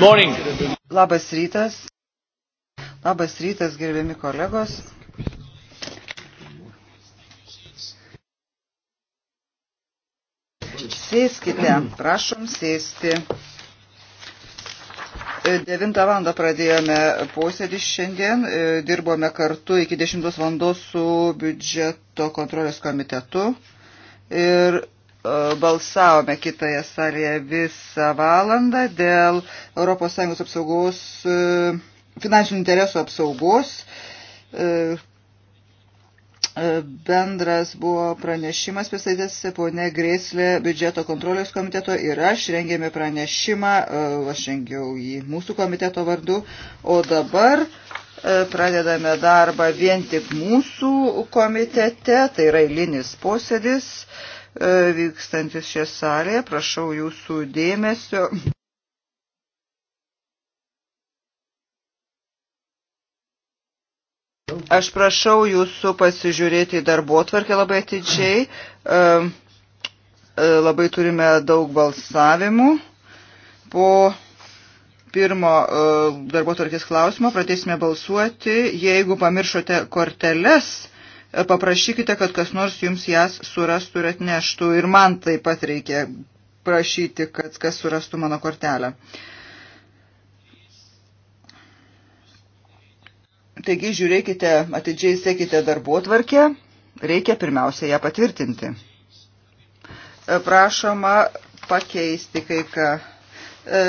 Good morning. Labas rytas. Labas rytas, gerbiami kolegos. Sėskite, prašom sėsti. 9 val. pradėjome posėdį šiandien, dirbome kartu iki 10 val. su biudžeto kontrolės komitetu ir E, balsavome kitoje salėje visą valandą dėl ES apsaugos, e, finansinių interesų apsaugos. E, bendras buvo pranešimas pristatytas ponė Grėslė biudžeto kontrolės komiteto ir aš rengėme pranešimą, aš rengiau jį mūsų komiteto vardu, o dabar pradedame darbą vien tik mūsų komitete, tai yra eilinis posėdis. E, vykstantis šioje salėje. Prašau jūsų dėmesio. Aš prašau jūsų pasižiūrėti į darbo tvarkę labai atidžiai. E, e, labai turime daug balsavimų. Po pirmo darbo tvarkės klausimo pradėsime balsuoti. Jeigu pamiršote korteles, paprašykite, kad kas nors jums jas surastų ir atneštų. Ir man taip pat reikia prašyti, kad kas surastų mano kortelę. Taigi žiūrėkite, atidžiai sekite darbo tvarkę, reikia pirmiausia ją patvirtinti. Prašoma pakeisti kai ką. E,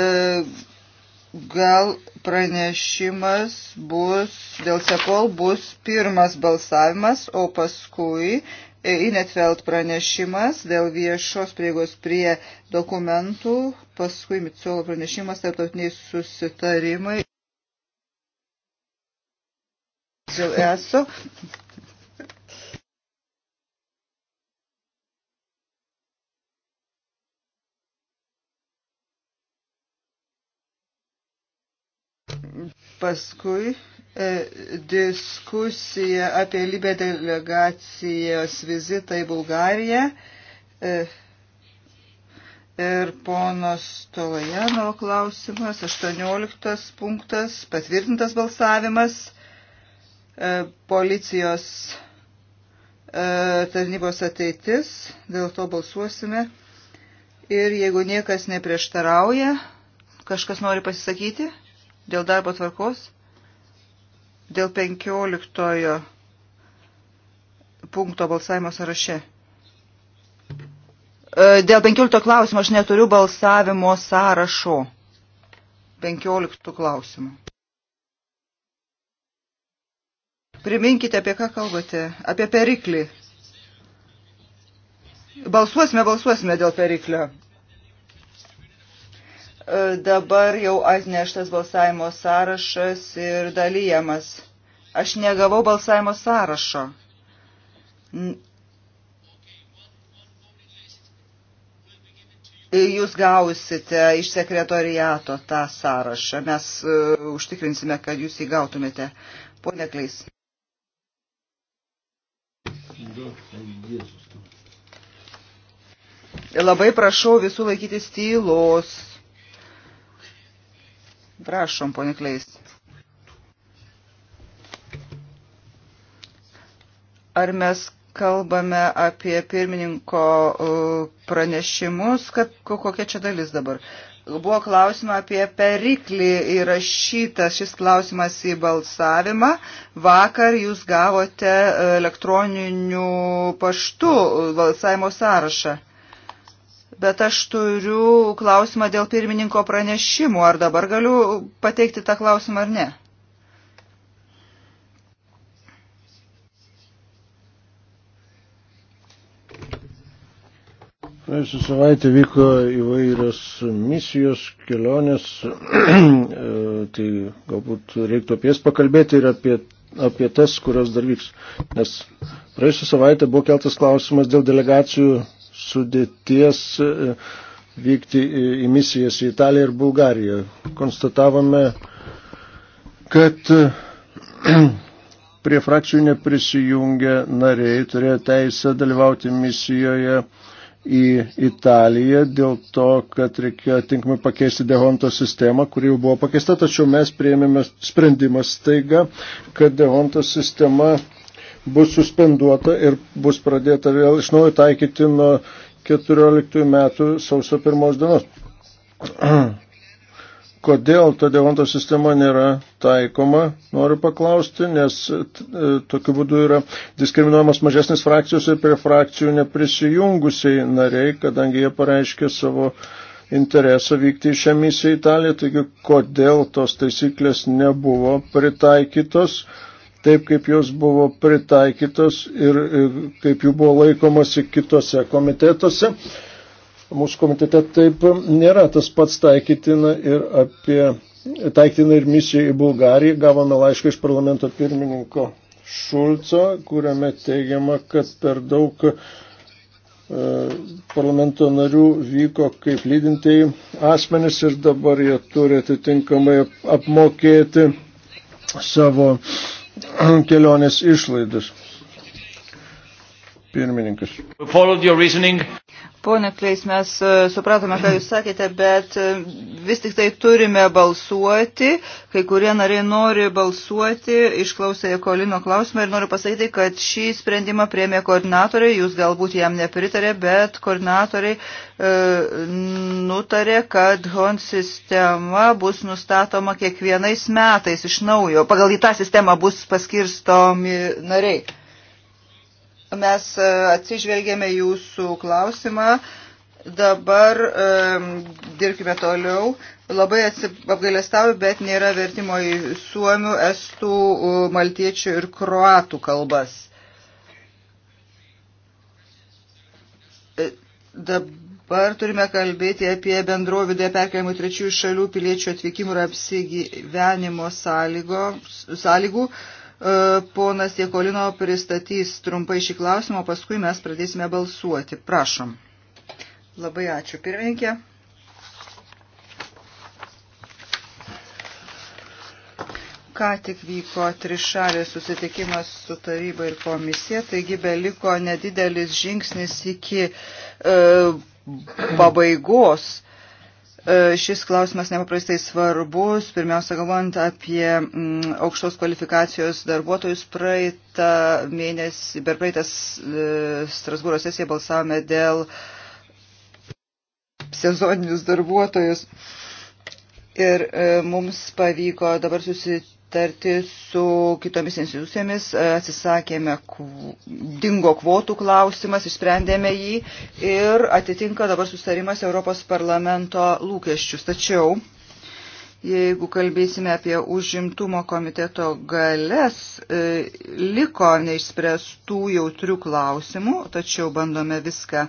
gal pranešimas bus, dėl sekol bus pirmas balsavimas, o paskui Inetveld pranešimas dėl viešos prieigos prie dokumentų, paskui Mitsolo pranešimas, tarptautiniai susitarimai. Dėl ESO Paskui e, diskusija apie Libę delegacijos vizitą į Bulgariją e, ir ponos Tolojano klausimas, 18 punktas, patvirtintas balsavimas, e, policijos e, tarnybos ateitis, dėl to balsuosime. Ir jeigu niekas neprieštarauja, kažkas nori pasisakyti? dėl darbo tvarkos, dėl 15 punkto balsavimo sąraše. E, dėl 15 klausimų aš neturiu balsavimo sąrašo. 15 klausimų. Priminkite, apie ką kalbate. Apie periklį. Balsuosime, balsuosime dėl periklio. E, dabar jau atneštas balsavimo sąrašas ir dalyjamas. Aš negavau balsavimo sąrašo. Jūs gausite iš sekretoriato tą sąrašą. Mes uh, užtikrinsime, kad jūs jį gautumėte. Pone Kleis. Labai prašau visų laikytis tylos. Prašom, ponė Kleis. Ar mes kalbame apie pirmininko e, pranešimus, kad kokia čia dalis dabar? Buvo klausima apie periklį įrašytas šis klausimas į balsavimą. Vakar jūs gavote elektroniniu paštu balsavimo sąrašą bet aš turiu klausimą dėl pirmininko pranešimų. Ar dabar galiu pateikti tą klausimą ar ne? Praėjusią savaitę vyko įvairios misijos, kelionės, tai galbūt reiktų apie jas pakalbėti ir apie, apie tas, kurios dar vyks. Nes praėjusią savaitę buvo keltas klausimas dėl delegacijų sudėties e, vykti į misijas į Italiją ir Bulgariją. Konstatavome, kad e, prie frakcijų neprisijungę nariai turėjo teisę dalyvauti misijoje į Italiją dėl to, kad reikėjo tinkamai pakeisti Dehonto sistemą, kuri jau buvo pakeista, tačiau mes prieimėme sprendimą staiga, kad Dehonto sistema bus suspenduota ir bus pradėta vėl iš naujo taikyti nuo 14 metų sausio pirmos dienos. Kodėl ta devanto sistema nėra taikoma, noriu paklausti, nes e, tokiu būdu yra diskriminuojamas mažesnis frakcijos ir prie frakcijų neprisijungusiai nariai, kadangi jie pareiškė savo interesą vykti į šią misiją į Italiją, taigi kodėl tos taisyklės nebuvo pritaikytos taip kaip jos buvo pritaikytos ir kaip jų buvo laikomasi kitose komitetuose. Mūsų komitete taip nėra tas pats taikytina ir apie taiktina ir misiją į Bulgariją. Gavome laišką iš parlamento pirmininko Šulco, kuriame teigiama, kad per daug e, parlamento narių vyko kaip lydintieji asmenys ir dabar jie turi atitinkamai apmokėti savo uh, kelionės išlaidas. Pirmininkas. Pone Kleis, mes e, supratome, ką Jūs sakėte, bet e, vis tik tai turime balsuoti. Kai kurie nariai nori balsuoti, išklausė Kolino klausimą ir noriu pasakyti, kad šį sprendimą priemė koordinatoriai, Jūs galbūt jam nepritarė, bet koordinatoriai e, nutarė, kad HON sistema bus nustatoma kiekvienais metais iš naujo. Pagal į tą sistemą bus paskirstomi nariai. Mes e, atsižvelgėme jūsų klausimą. Dabar um, dirbkime toliau. Labai apgailestauju, bet nėra vertimo į suomių, estų, maltiečių ir kroatų kalbas. E, dabar turime kalbėti apie bendrovydę perkeliamų trečiųjų šalių piliečių atvykimų ir apsigyvenimo sąlygo, sąlygų. Uh, E, ponas Jekolino pristatys trumpai šį klausimą, paskui mes pradėsime balsuoti. Prašom. Labai ačiū, pirmininkė. Ką tik vyko trišalės susitikimas su taryba ir komisija, taigi beliko nedidelis žingsnis iki e, pabaigos. E, E, šis klausimas nepaprastai svarbus, pirmiausia galvojant apie mm, aukštos kvalifikacijos darbuotojus. Praeitą mėnesį, per praeitą e, Strasbūro sesiją balsavome dėl sezoninius darbuotojus. Ir e, mums pavyko dabar susitikti aptarti su kitomis institucijomis, e, atsisakėme, dingo kvotų klausimas, išsprendėme jį ir atitinka dabar sustarimas Europos parlamento lūkesčius. Tačiau, jeigu kalbėsime apie užimtumo komiteto galės, e, liko neišspręstų jautrių klausimų, tačiau bandome viską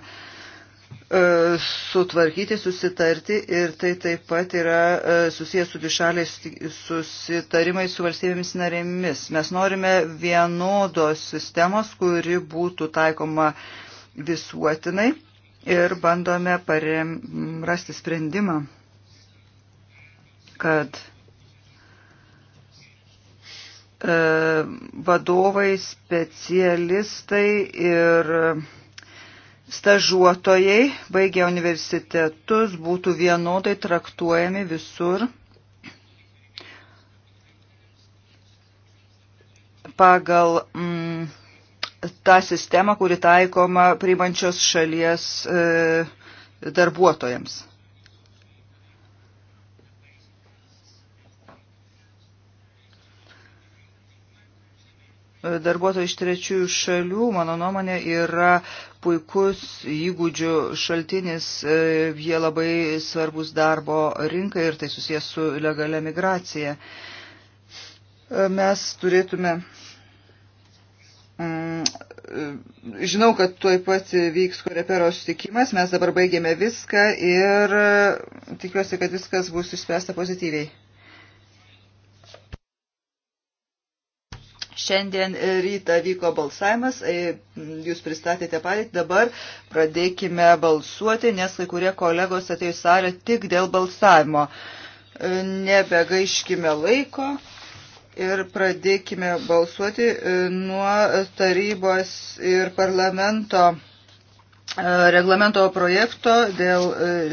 E, sutvarkyti, susitarti ir tai taip pat yra e, susijęs su dvišaliais susitarimais su valstybėmis narėmis. Mes norime vienodos sistemos, kuri būtų taikoma visuotinai ir bandome parem, rasti sprendimą, kad e, vadovai, specialistai ir e, stažuotojai, baigę universitetus, būtų vienodai traktuojami visur pagal mm, tą sistemą, kuri taikoma priimančios šalies e, darbuotojams. darbuotojų iš trečiųjų šalių, mano nuomonė, yra puikus įgūdžių šaltinis, e, jie labai svarbus darbo rinkai ir tai susijęs su legalia migracija. E, mes turėtume. Mm, e, žinau, kad tuoj pat vyks korepero sutikimas, mes dabar baigėme viską ir tikiuosi, kad viskas bus išspręsta pozityviai. Šiandien ryta vyko balsavimas, e, jūs pristatėte padėtį, dabar pradėkime balsuoti, nes kai kurie kolegos atėjo į salę tik dėl balsavimo. E, nebegaiškime laiko ir pradėkime balsuoti e, nuo tarybos ir parlamento reglamento projekto dėl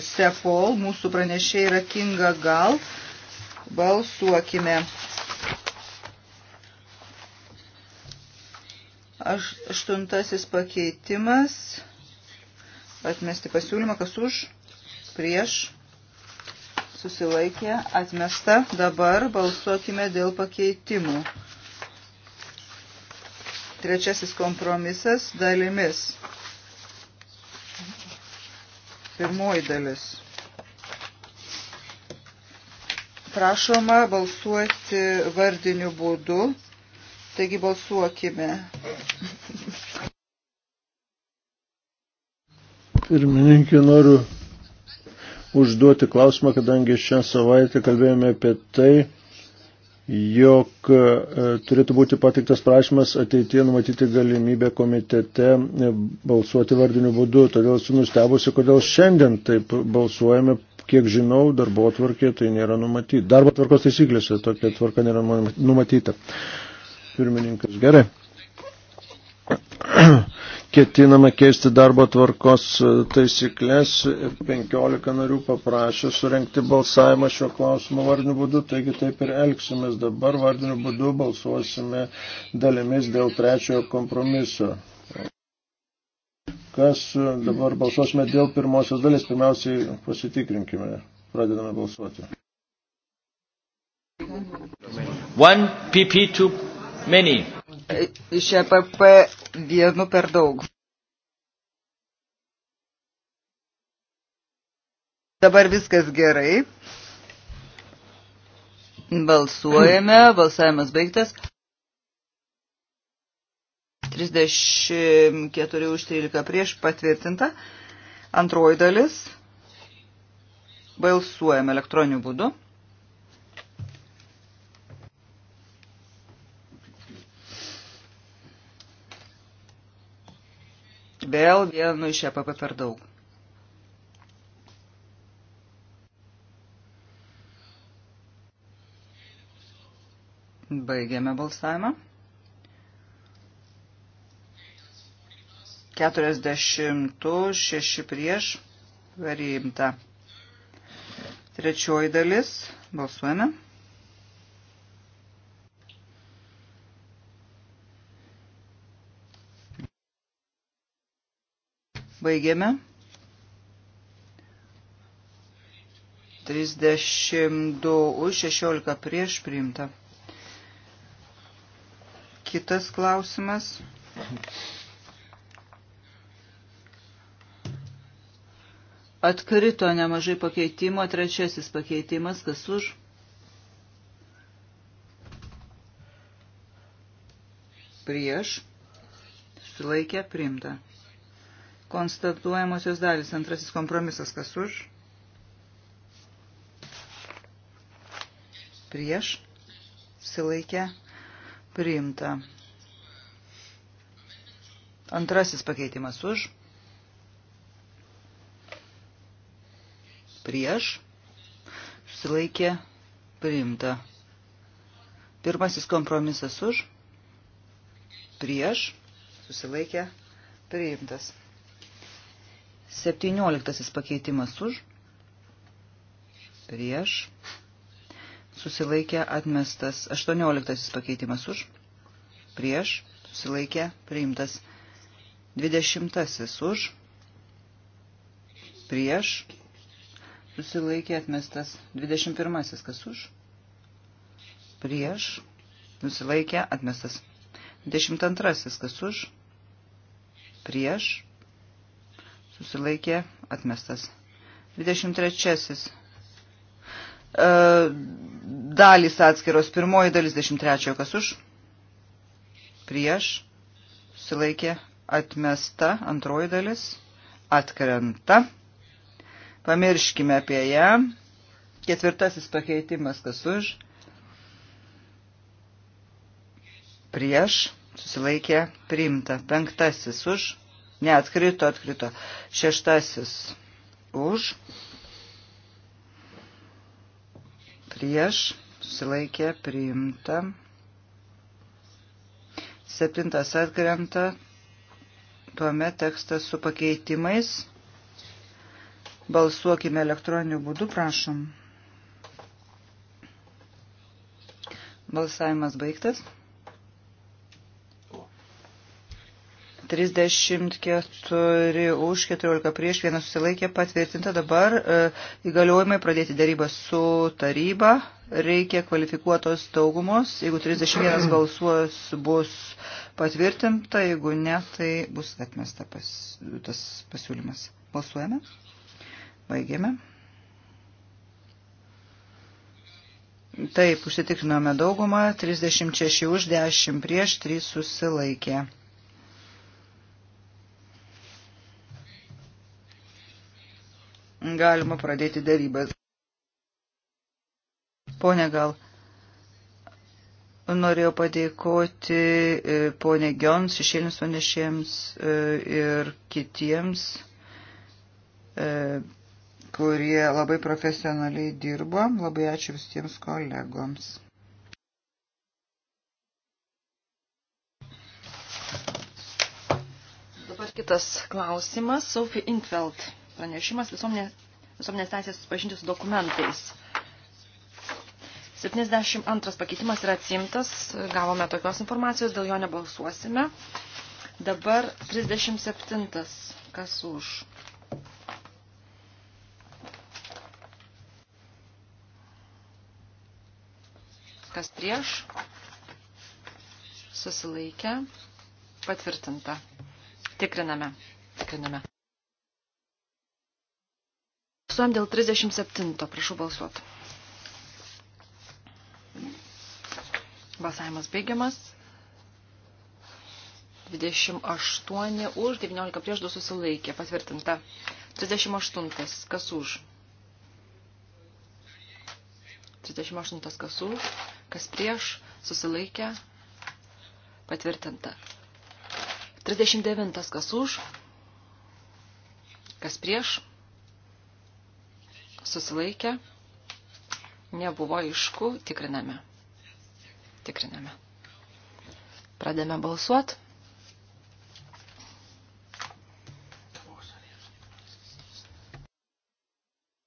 SEFOL. Mūsų pranešė yra Kinga Gal. Balsuokime. Aš, aštuntasis pakeitimas. Atmesti pasiūlymą, kas už, prieš, susilaikė, atmesta. Dabar balsuokime dėl pakeitimų. Trečiasis kompromisas dalimis. Pirmoji dalis. Prašoma balsuoti vardiniu būdu Taigi balsuokime. Pirmininkė, noriu užduoti klausimą, kadangi šią savaitę kalbėjome apie tai, jog e, turėtų būti patiktas prašymas ateitie numatyti galimybę komitete e, balsuoti vardiniu būdu. Todėl esu nustebusi, kodėl šiandien taip balsuojame, kiek žinau, darbo tvarkė tai nėra numatyta. Darbo tvarkos taisyklėse tokia tvarka nėra numatyta. Pirmininkas gerai. Ketiname keisti darbo tvarkos e, taisyklės ir 15 narių paprašė surenkti balsavimą šio klausimo vardiniu būdu, taigi taip ir elgsimės. Dabar vardiniu būdu balsuosime dalimis dėl trečiojo kompromiso kas e, dabar balsuosime dėl pirmosios dalies, pirmiausiai pasitikrinkime, pradedame balsuoti. One PP2 Many. Iš EPP vienu per daug. Dabar viskas gerai. Balsuojame, balsavimas baigtas. 34 už 13 prieš patvirtinta. Antroji dalis. Balsuojame elektroniniu būdu. vėl vienu iš EPP per daug. Baigėme balsavimą. 40 6 prieš priimta. Trečioji dalis. Balsuojame. Baigėme. 32 už 16 prieš priimta. Kitas klausimas. Atkrito nemažai pakeitimo, trečiasis pakeitimas, kas už? Prieš. Sulaikė primta. Konstatuojamosios dalis. Antrasis kompromisas. Kas už? Prieš. Silaikę. Priimta. Antrasis pakeitimas už. Prieš. Silaikė. Priimta. Pirmasis kompromisas už prieš, susilaikė, priimtas. 17 pakeitimas už, prieš, susilaikė atmestas. 18 pakeitimas už, prieš, susilaikė priimtas. 20 už, prieš, susilaikė atmestas. 21 kas už, prieš, susilaikė atmestas. 22 kas už, prieš, susilaikė atmestas. 23. E, dalys atskiros. Pirmoji dalis 23. Kas už? Prieš. Susilaikė atmesta. Antroji dalis atkrenta. Pamirškime apie ją. Ketvirtasis pakeitimas. Kas už? Prieš. Susilaikė priimta. Penktasis už Ne, atkrito, atkrito. Šeštasis už. Prieš. Susilaikė priimta. Septintas atkrenta. Tuomet tekstas su pakeitimais. Balsuokime elektroniniu būdu, prašom. Balsavimas baigtas. 34 už, 14 prieš, vienas susilaikė patvirtinta. Dabar e, įgaliojimai pradėti darybą su taryba. Reikia kvalifikuotos daugumos. Jeigu 31 balsuos bus patvirtinta, jeigu ne, tai bus atmesta pas, tas pasiūlymas. Balsuojame. Baigėme. Taip, užsitikrinome daugumą, 36 už 10 prieš 3 susilaikė. galima pradėti darybas. Pone gal, norėjau padėkoti e, ponė Gions, šešėlinius panešėjams e, ir kitiems, e, kurie labai profesionaliai dirbo. Labai ačiū visiems kolegoms. Dabar kitas klausimas. Sophie Intveld pranešimas visuomenės, visuomenės teisės susipažinti su dokumentais. 72 pakeitimas yra atsimtas, gavome tokios informacijos, dėl jo nebalsuosime. Dabar 37. Kas už? Kas prieš? Susilaikę. Patvirtinta. Tikriname. Tikriname. Balsuojam dėl 37. Prašau balsuoti. Balsavimas baigiamas. 28 už, 19 prieš 2 susilaikė. Patvirtinta. 38. Kas už? 38. Kas už? Kas prieš? Susilaikė. Patvirtinta. 39. Kas už? Kas prieš? susilaikę, nebuvo aišku, tikriname. Tikriname. Pradėme balsuot.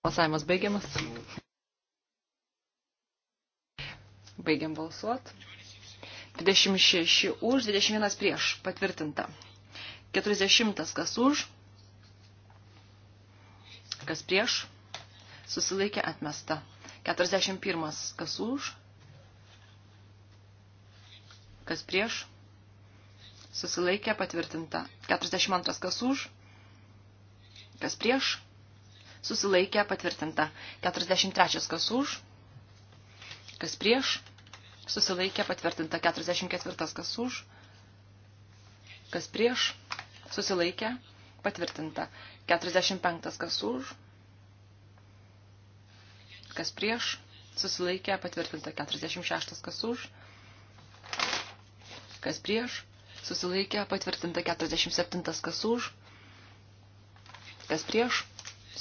Balsavimas baigiamas. Baigiam balsuot. 26 už, 21 prieš. Patvirtinta. 40 kas už, kas prieš susilaikė atmesta. 41. Kas už? Kas prieš? Susilaikė patvirtinta. 42. Kas už? Kas prieš? Susilaikė patvirtinta. 43. Kas už? Kas prieš? Susilaikė patvirtinta. 44. Kas už? Kas prieš? Susilaikė patvirtinta. 45. Kas už? kas prieš, susilaikė, patvirtinta 46, kas už, kas prieš, susilaikė, patvirtinta 47, kas už, kas prieš,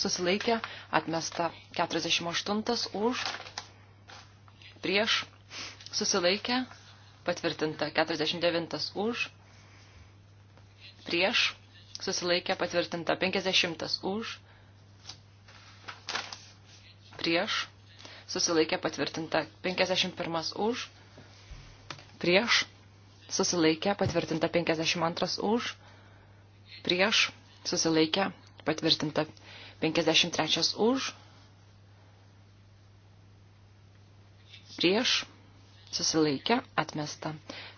susilaikė, atmesta 48, už, prieš, susilaikė, patvirtinta 49, už, prieš, susilaikė, patvirtinta 50, už, prieš, susilaikė patvirtinta 51 už, prieš, susilaikė patvirtinta 52 už, prieš, susilaikė patvirtinta 53 už, prieš, susilaikė atmesta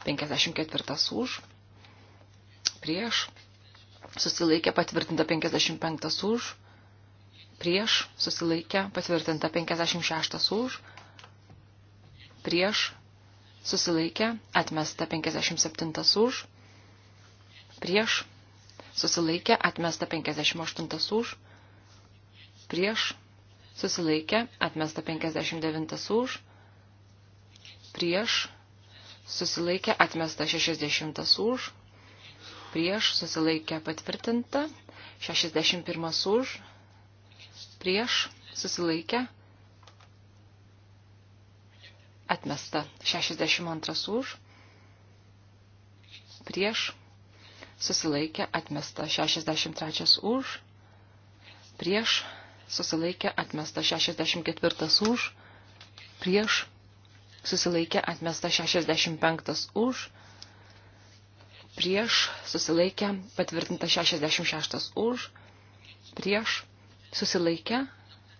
54 už, prieš, susilaikė patvirtinta 55 už, prieš, susilaikę, patvirtinta 56 už, prieš, susilaikę, atmesta 57 už, prieš, susilaikę, atmesta 58 už, prieš, susilaikę, atmesta 59 už, prieš, susilaikę, atmesta 60 už, prieš, susilaikę, patvirtinta, 61 už, prieš, susilaikę, atmesta. 62 už, prieš, susilaikę, atmesta. 63 už, prieš, susilaikė atmesta 64 už, prieš susilaikė atmesta 65 už, prieš susilaikė patvirtinta 66 už, prieš susilaikė,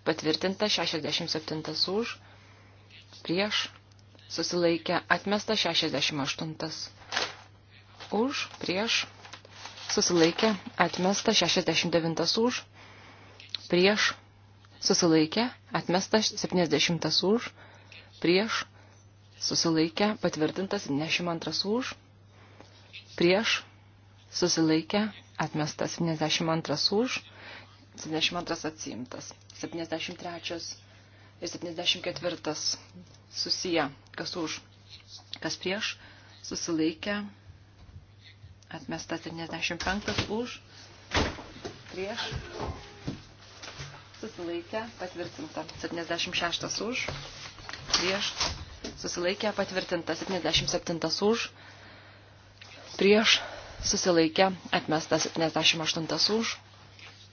patvirtinta 67 už, prieš, susilaikė, atmesta 68 už, prieš, susilaikė, atmesta 69 už, prieš, susilaikė, atmesta 70 už, prieš, susilaikė, patvirtinta 72 už, prieš, susilaikė, atmesta 72 už, 72 atsiimtas, 73 ir 74 susiję, kas už, kas prieš, susilaikė, atmesta 75 už, prieš, susilaikė, patvirtinta, 76 už, prieš, susilaikė, patvirtinta, 77 už, prieš, susilaikė, atmesta 78 už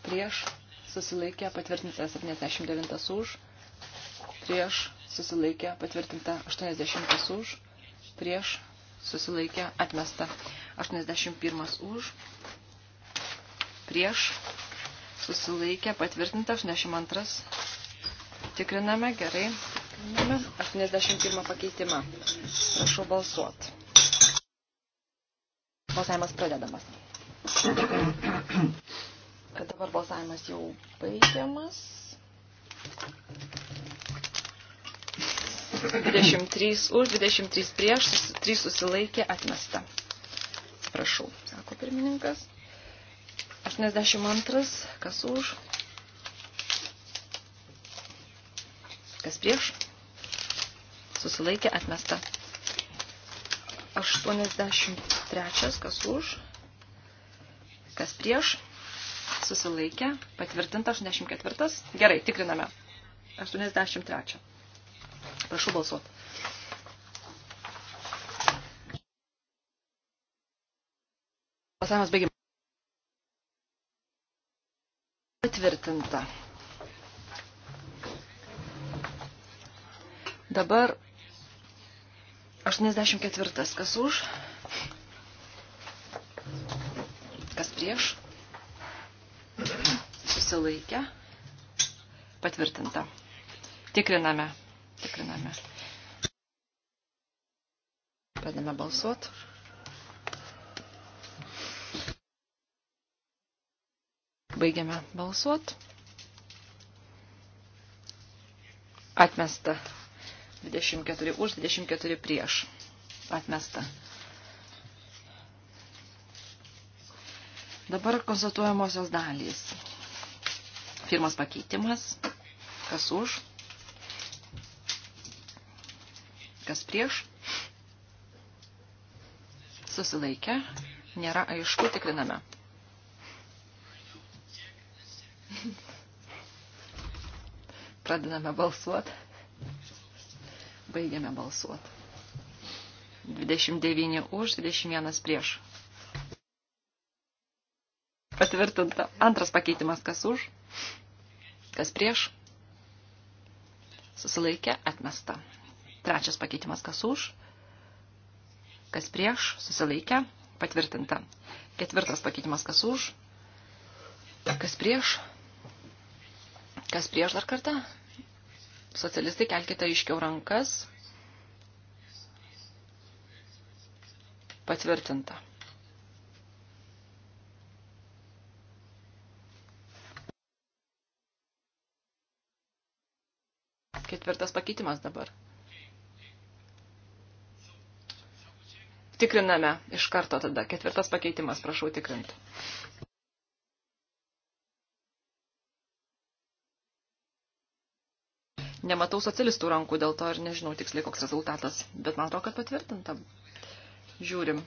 prieš susilaikė patvirtinta 79 už, prieš susilaikė patvirtinta 80 už, prieš susilaikė atmesta 81 už, prieš susilaikė patvirtinta 82. Tikriname gerai. Tikriname 81 pakeitimą. Prašau balsuot. Balsavimas pradedamas. Dabar balsavimas jau baigiamas. 23 už, 23 prieš, 3 susilaikė atmesta. Prašau, sako pirmininkas. 82, kas už? Kas prieš? Susilaikė atmesta. 83, kas už? Kas prieš? susilaikė, patvirtinta 84. Gerai, tikriname. 83. Prašau balsuoti. Pasavimas baigim. Patvirtinta. Dabar 84. Kas už? Kas prieš? susilaikę, patvirtinta. Tikriname, tikriname. Pradame balsuoti. Baigiame balsuoti. Atmesta. 24 už, 24 prieš. Atmesta. Dabar konstatuojamosios dalys. Pirmas pakeitimas. Kas už? Kas prieš? Susilaikę. Nėra aišku, tikriname. Pradedame balsuoti. Baigiame balsuoti. 29 už, 21 prieš. Patvirtinta. Antras pakeitimas kas už? Kas prieš? Susilaikė atmesta. Trečias pakeitimas kas už? Kas prieš? Susilaikė patvirtinta. Ketvirtas pakeitimas kas už? Kas prieš? Kas prieš dar kartą? Socialistai kelkite iškiau rankas. Patvirtinta. Ketvirtas pakeitimas dabar. Tikriname iš karto tada. Ketvirtas pakeitimas, prašau tikrinti. Nematau socialistų rankų, dėl to ir nežinau tiksliai, koks rezultatas. Bet man atrodo, kad patvirtinta. Žiūrim.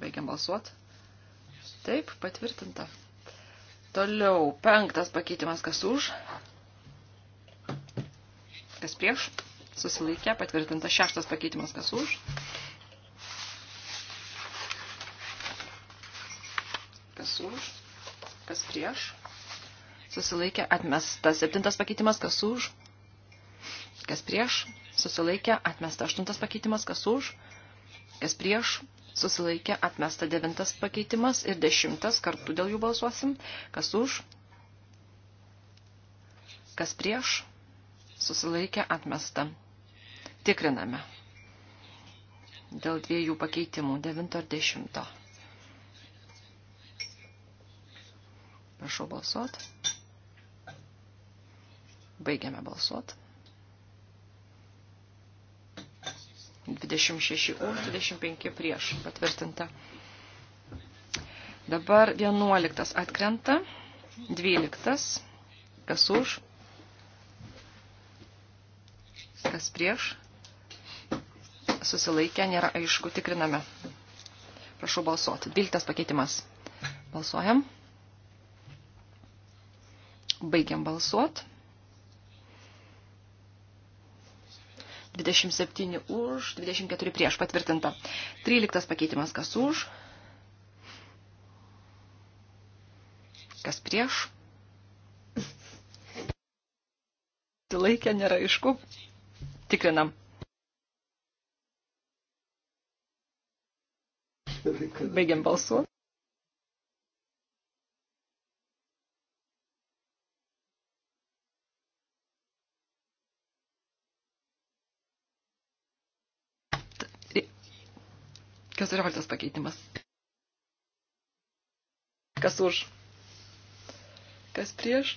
Baigiam balsuot. Taip, patvirtinta. Toliau, penktas pakeitimas, kas už, kas prieš, susilaikė, patvirtintas šeštas pakeitimas, kas už. Kas už, kas prieš, susilaikė, atmestas septintas pakeitimas, kas už. Kas prieš, susilaikė, atmestas aštuntas pakeitimas, kas už. Kas prieš, susilaikė, atmesta devintas pakeitimas ir dešimtas, kartu dėl jų balsuosim. Kas už, kas prieš, susilaikė atmesta. Tikriname. Dėl dviejų pakeitimų, 9 ar 10. Prašau balsuot. Baigiame balsuot. 26 už, 25 prieš patvirtinta. Dabar 11 atkrenta, 12 kas už, Kas prieš? Susilaikę, nėra aišku, tikriname. Prašau balsuoti. 12 pakeitimas. Balsuojam. Baigiam balsuoti. 27 už, 24 prieš patvirtinta. 13 pakeitimas kas už, kas prieš. Laikė nėra aišku tikrinam. Baigiam balsuoti. Kas yra valtas pakeitimas? Kas už? Kas prieš?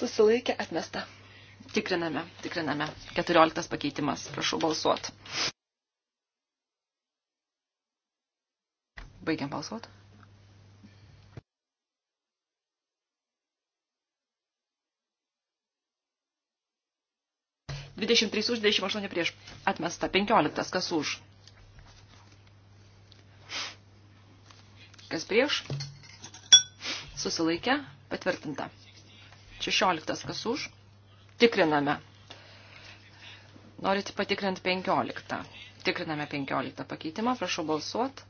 Susilaikė atmesta. Tikriname, tikriname. 14 pakeitimas. Prašau balsuot. Baigiam balsuot. Dvidešimt trys už, dvidešimt aštuoni prieš. Atmesta. Penkioliktas. Kas už? Kas prieš? Susilaikę. Patvirtinta. Šešioliktas. Kas už? Tikriname. Norit patikrinti 15. Tikriname 15 pakeitimą. Prašau balsuot.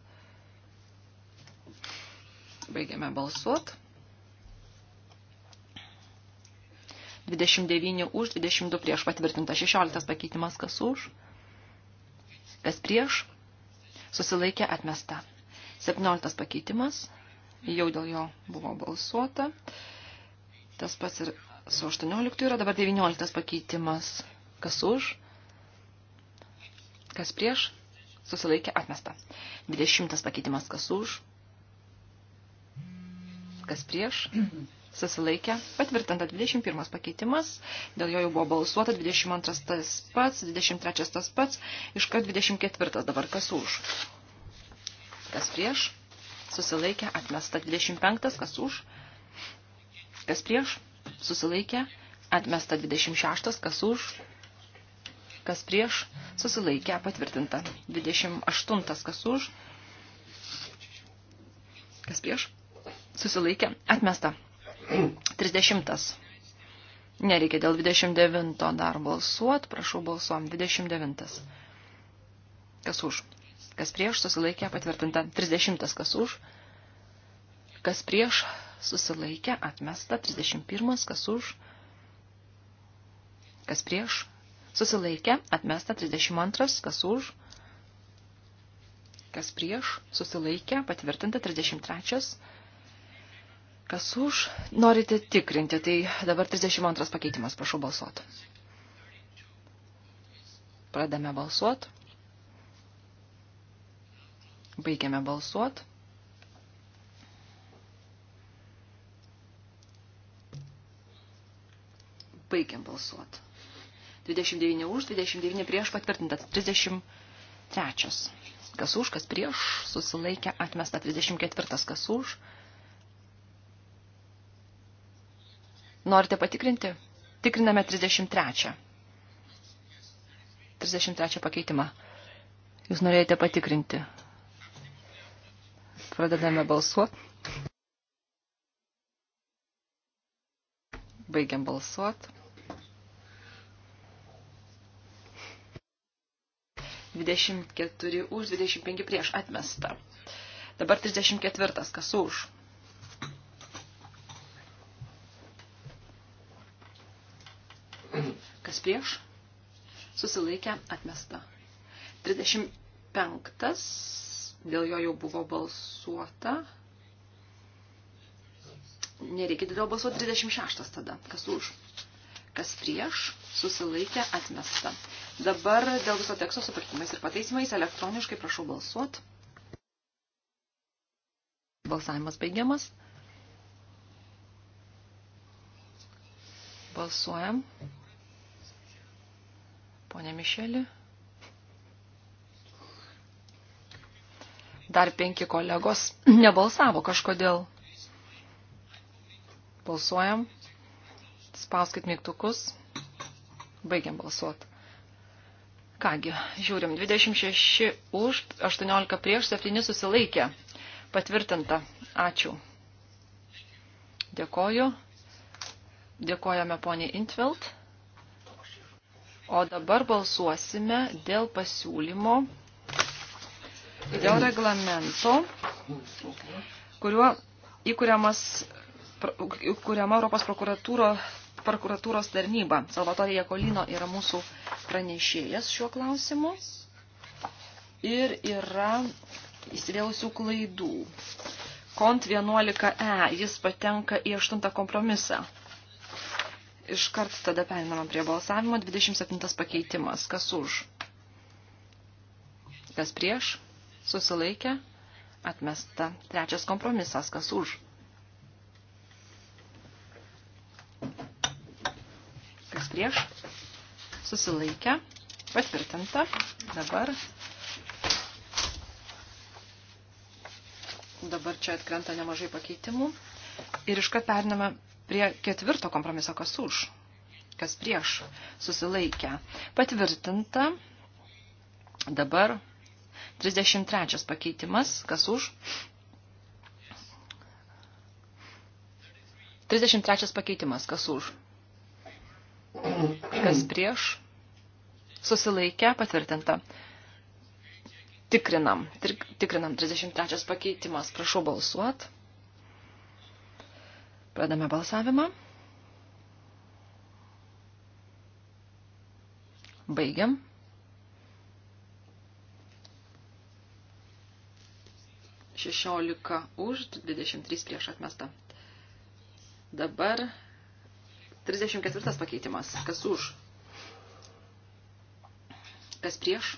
Baigiame balsuot. 29 už, 22 prieš patvirtinta 16 pakeitimas kas už. Kas prieš? Susilaikė atmesta. 17 pakeitimas. Jau dėl jo buvo balsuota. Tas pats ir su 18 yra dabar 19 pakeitimas. Kas už? Kas prieš? Susilaikė atmesta. 20 pakeitimas. Kas už? Kas prieš? Susilaikė. Patvirtinta 21 pakeitimas. Dėl jo jau buvo balsuota. 22 tas pats. 23 tas pats. Iškart 24 dabar. Kas už? Kas prieš? Susilaikė atmesta. 25 kas už? Kas prieš? susilaikė, atmesta 26, kas už, kas prieš, susilaikė, patvirtinta 28, kas už, kas prieš, susilaikė, atmesta 30. Nereikia dėl 29 dar balsuot, prašau balsuom, 29. Kas už? Kas prieš susilaikė patvirtinta 30. Kas už? Kas prieš susilaikė, atmesta, 31, kas už, kas prieš, susilaikė, atmesta, 32, kas už, kas prieš, susilaikė, patvirtinta, 33, kas už, norite tikrinti, tai dabar 32 pakeitimas, prašau balsuoti. Pradame balsuoti. Baigiame balsuoti. Baigiam balsuoti. 29 už, 29 prieš patvirtintas. 33. Kas už, kas prieš, susilaikė atmesta. 34. Kas už. Norite patikrinti? Tikriname 33. 33 pakeitimą. Jūs norėjote patikrinti. Pradedame balsuoti. Baigiam balsuoti. 24 už, 25 prieš atmesta. Dabar 34, kas už. Kas prieš? Susilaikę atmesta. 35, dėl jo jau buvo balsuota. Nereikia dėl balsuoti 36 tada. Kas už? Kas prieš? Susilaikę atmesta. Dabar dėl viso teksto su pakeitimais ir pataisimais elektroniškai prašau balsuot. Balsavimas baigiamas. Balsuojam. Pone Mišelį. Dar penki kolegos nebalsavo kažkodėl. Balsuojam. Spauskit mygtukus. Baigiam balsuoti. Kągi, žiūrim, 26 už, 18 prieš, 7 susilaikė. Patvirtinta. Ačiū. Dėkoju. Dėkojame poniai Intveld. O dabar balsuosime dėl pasiūlymo, dėl reglamento, kuriuo įkuriamas, įkuriama Europos prokuratūros prokuratūros tarnybą. Salvatorija Kolino yra mūsų pranešėjas šiuo klausimu ir yra įsivėlusių klaidų. Kont 11e, jis patenka į 8 kompromisą. Iškart tada perinama prie balsavimo 27 pakeitimas. Kas už? Kas prieš? Susilaikė? Atmesta. Trečias kompromisas. Kas už? prieš, susilaikę, patvirtinta. Dabar, dabar čia atkrenta nemažai pakeitimų. Ir iškart periname prie ketvirto kompromiso, kas už, kas prieš, susilaikę, patvirtinta. Dabar 33 pakeitimas, kas už, 33 pakeitimas. Kas už? Kas prieš? Susilaikę patvirtinta. Tikrinam. Tikrinam. 33 pakeitimas. Prašau balsuot. Pradame balsavimą. Baigiam. Šešiolika už, dvidešimt trys prieš atmestą. Dabar 34 pakeitimas. Kas už? Kas prieš?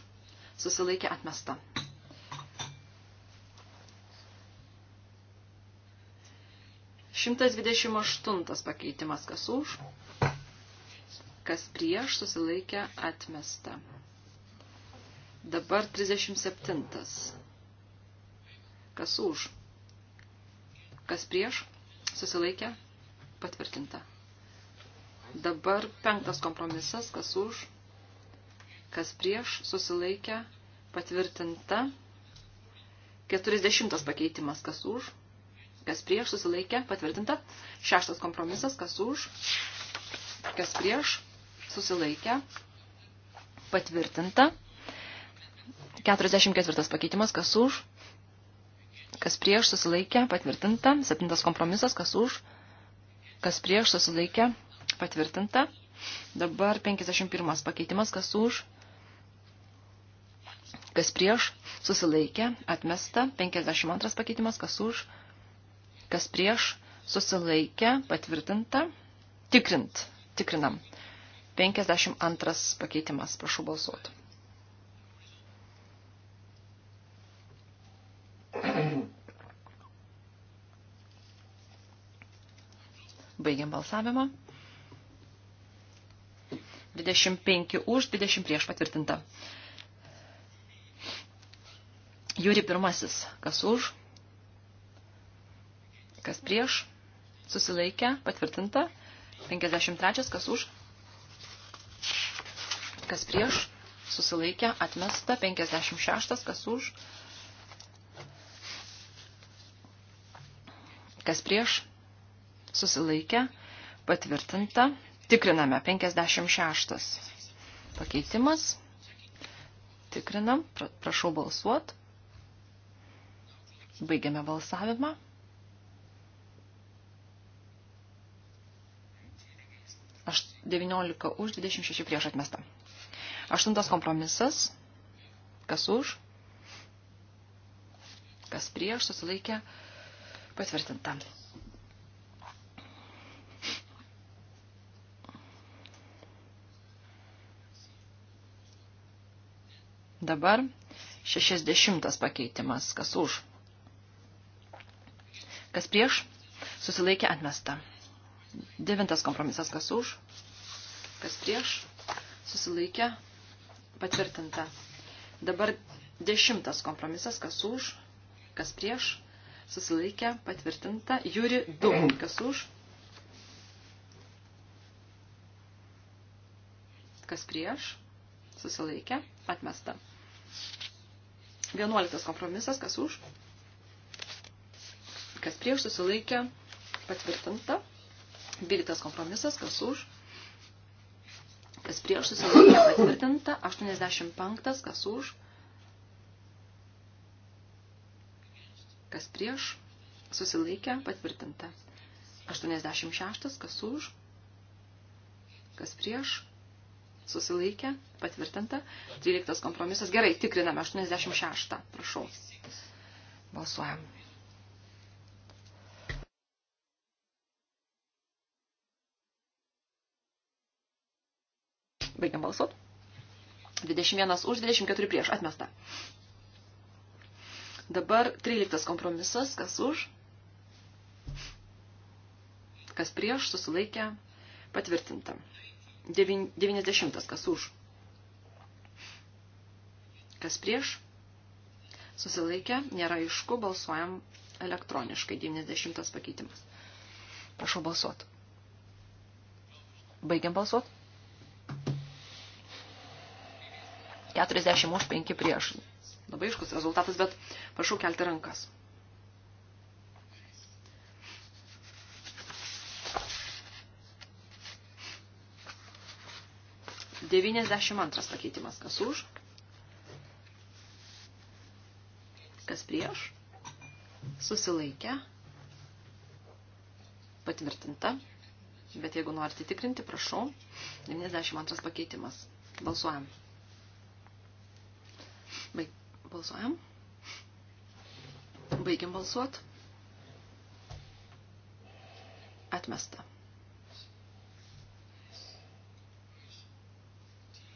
Susilaikė atmesta. Šimtas dvidešimt aštuntas pakeitimas. Kas už? Kas prieš? Susilaikė atmesta. Dabar 37. Kas už? Kas prieš? Susilaikė patvirtinta. Dabar penktas kompromisas, kas už, kas prieš, susilaikė, patvirtinta. Keturisdešimtas pakeitimas, kas už, kas prieš, susilaikė, patvirtinta. Šeštas kompromisas, kas už, kas prieš, susilaikė, patvirtinta. 44 pakeitimas, kas už, kas prieš, susilaikė, patvirtinta. Septintas kompromisas, kas už, kas prieš, susilaikė, patvirtinta. Dabar 51 pakeitimas, kas už, kas prieš, susilaikė, atmesta. 52 pakeitimas, kas už, kas prieš, susilaikė, patvirtinta. Tikrint, tikrinam. 52 pakeitimas, prašau balsuoti. Baigiam balsavimą. 25 už, 20 prieš patvirtinta. Jūri pirmasis, kas už, kas prieš, susilaikę, patvirtinta. 53, kas už, kas prieš, susilaikę, atmesta. 56, kas už, kas prieš, susilaikę, patvirtinta. Tikriname 56 pakeitimas. Tikrinam, pra, prašau balsuot. Baigiame balsavimą. Aš 19 už, 26 prieš atmestą. Aštuntas kompromisas. Kas už? Kas prieš susilaikė patvirtintam. Dabar 60 pakeitimas. Kas už? Kas prieš? Susilaikė atmesta. Devintas kompromisas. Kas už? Kas prieš? Susilaikė patvirtinta. Dabar dešimtas kompromisas. Kas už? Kas prieš? Susilaikė patvirtinta. Jūri 2. Kas už? Kas prieš? Susilaikė atmesta. 11 kompromisas, kas už, kas prieš susilaikė, patvirtinta. 12 kompromisas, kas už, kas prieš susilaikė, patvirtinta. 85, kas už, kas prieš susilaikė, patvirtinta. 86, kas už, kas prieš susilaikė, patvirtinta. 13 kompromisas. Gerai, tikriname 86. Prašau. Balsuojam. Baigiam balsuot. 21 už, 24 prieš. Atmesta. Dabar 13 kompromisas. Kas už? Kas prieš? Susilaikė. Patvirtinta. 90 kas už. Kas prieš? Susilaikė, nėra aišku, balsuojam elektroniškai. 90 pakeitimas. Prašau balsuot. Baigiam balsuot. 40 už 5 prieš. Labai iškus rezultatas, bet prašau kelti rankas. 92 pakeitimas. Kas už? Kas prieš? Susilaikę. Patvirtinta. Bet jeigu norite tikrinti, prašau. 92 pakeitimas. Balsuojam. Baig... Balsuojam. Baigiam balsuot. Atmesta.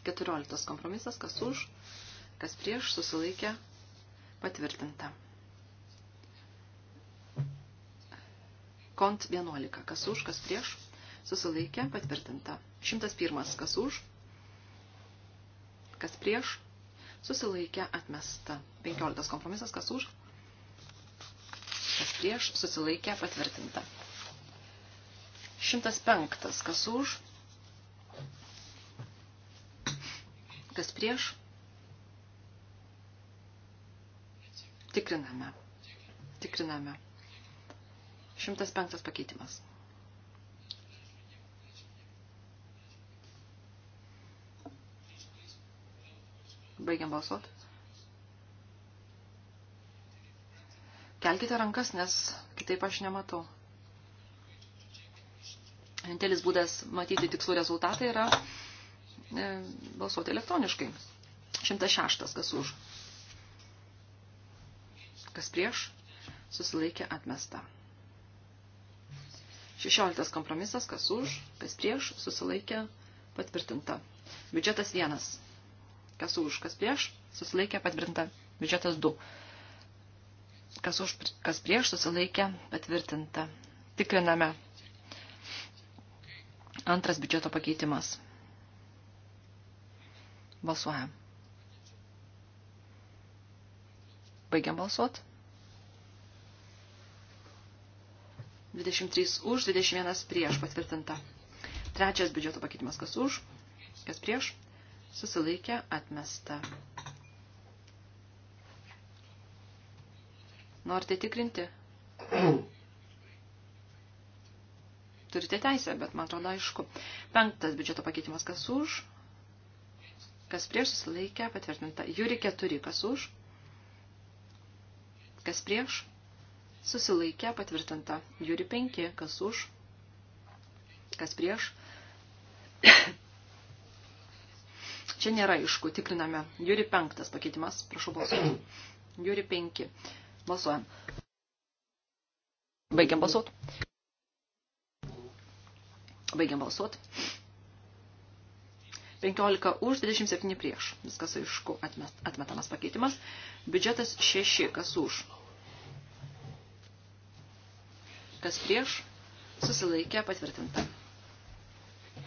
14 kompromisas, kas už, kas prieš, susilaikė, patvirtinta. Kont 11, kas už, kas prieš, susilaikė, patvirtinta. 101, kas už, kas prieš, susilaikė, atmesta. 15 kompromisas, kas už, kas prieš, susilaikė, patvirtinta. 105, kas už, Kas prieš? Tikriname. Tikriname. 105 pakeitimas. Baigiam balsuot. Kelkite rankas, nes kitaip aš nematau. Vienintelis būdas matyti tikslų rezultatą yra E, balsuoti elektroniškai. 106. Kas už? Kas prieš? Susilaikė atmesta. 16. Kompromisas. Kas už? Kas prieš? Susilaikė patvirtinta. Biudžetas 1. Kas už? Kas prieš? Susilaikė patvirtinta. Biudžetas 2. Kas už? Kas prieš? Susilaikė patvirtinta. Tikriname. Antras biudžeto pakeitimas. Balsuojam. Baigiam balsuot. 23 už, 21 prieš patvirtinta. Trečias biudžeto pakeitimas kas už, kas prieš, susilaikė atmesta. Norite tikrinti? Turite teisę, bet man atrodo aišku. Penktas biudžeto pakeitimas kas už, Kas prieš susilaikė patvirtinta. Jūri 4. Kas už? Kas prieš? Susilaikė patvirtinta. Jūri 5. Kas už? Kas prieš? Čia nėra aišku. Tikriname. Jūri 5. Pakeitimas. Prašau balsuoti. Jūri 5. Balsuojam. Baigiam balsuoti. Baigiam balsuoti. 15 už, 27 prieš. Viskas aišku, atmest, atmetamas pakeitimas. Biudžetas 6, kas už. Kas prieš, susilaikė patvirtinta.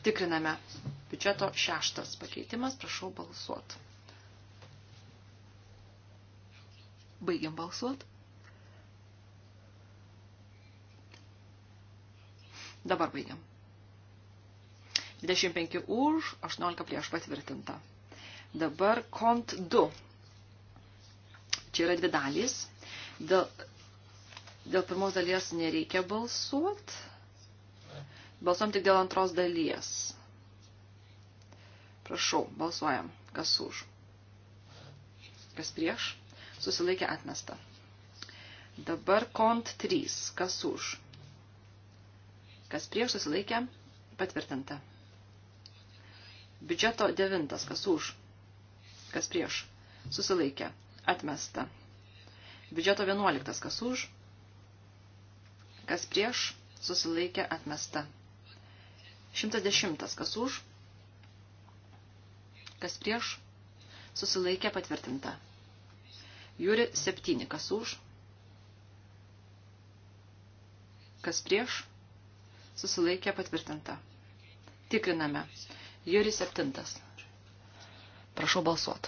Tikriname. Biudžeto šeštas pakeitimas, prašau balsuot. Baigiam balsuot. Dabar baigiam. 25 už, 18 prieš patvirtinta. Dabar kont 2. Čia yra dvi dalys. Dėl, dėl pirmos dalies nereikia balsuot. Balsuom tik dėl antros dalies. Prašau, balsuojam. Kas už? Kas prieš? Susilaikė atmesta. Dabar kont 3. Kas už? Kas prieš susilaikė? Patvirtinta. Biudžeto devintas, kas už, kas prieš, susilaikė, atmesta. Biudžeto vienuoliktas, kas už, kas prieš, susilaikė, atmesta. Šimtas dešimtas, kas už, kas prieš, susilaikė, patvirtinta. Jūri septyni, kas už, kas prieš, susilaikė, patvirtinta. Tikriname. Juri septintas. Prašau balsuot.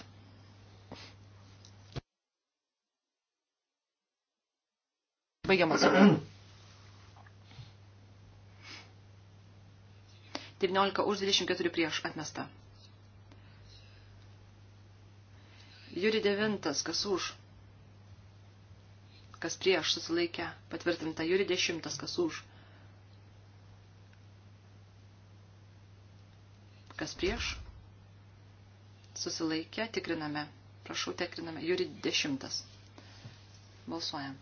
Baigiamas. 19 už 24 prieš atmesta. Juri devintas, kas už? Kas prieš susilaikę? Patvirtinta. Juri dešimtas, kas už? Kas prieš? Susilaikę, tikriname. Prašau, tikriname. Juri dešimtas. Balsuojam.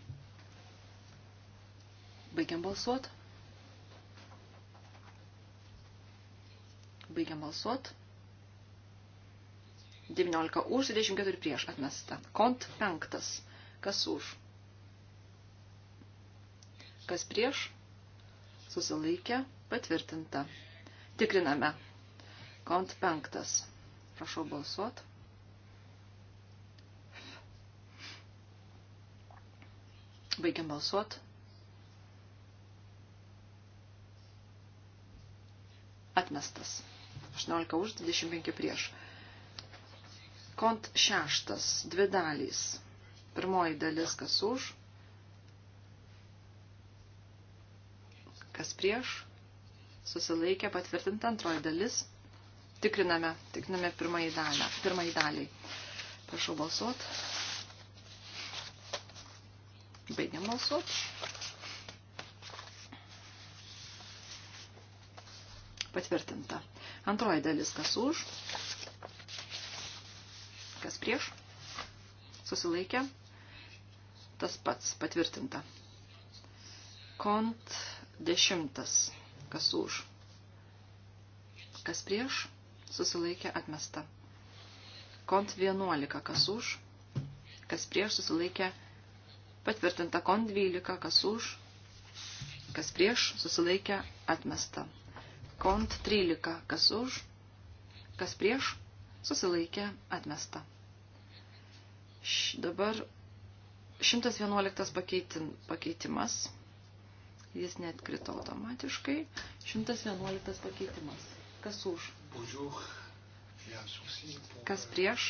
Baigiam balsuot. Baigiam balsuot. 19 už, 24 prieš atmesta. Kont 5. Kas už? Kas prieš? Susilaikę, patvirtinta. Tikriname. Kont penktas. Prašau balsuot. Baigiam balsuot. Atmestas. 18 už, 25 prieš. Kont šeštas, dvi dalys. Pirmoji dalis, kas už, kas prieš, susilaikė patvirtinta antroji dalis, Tikriname, tikriname pirmąjį dalį. Pirmąjį dalį. Prašau balsuot. Baigiam balsuot. Patvirtinta. Antroji dalis, kas už, kas prieš, susilaikė, tas pats patvirtinta. Kont dešimtas, kas už, kas prieš, susilaikė atmesta. Kont 11, kas už, kas prieš susilaikė patvirtinta. Kont 12, kas už, kas prieš susilaikė atmesta. Kont 13, kas už, kas prieš susilaikė atmesta. Š, dabar 111 pakeitin, pakeitimas. Jis net krito automatiškai. 111 pakeitimas. Kas už? Kas euh, prieš?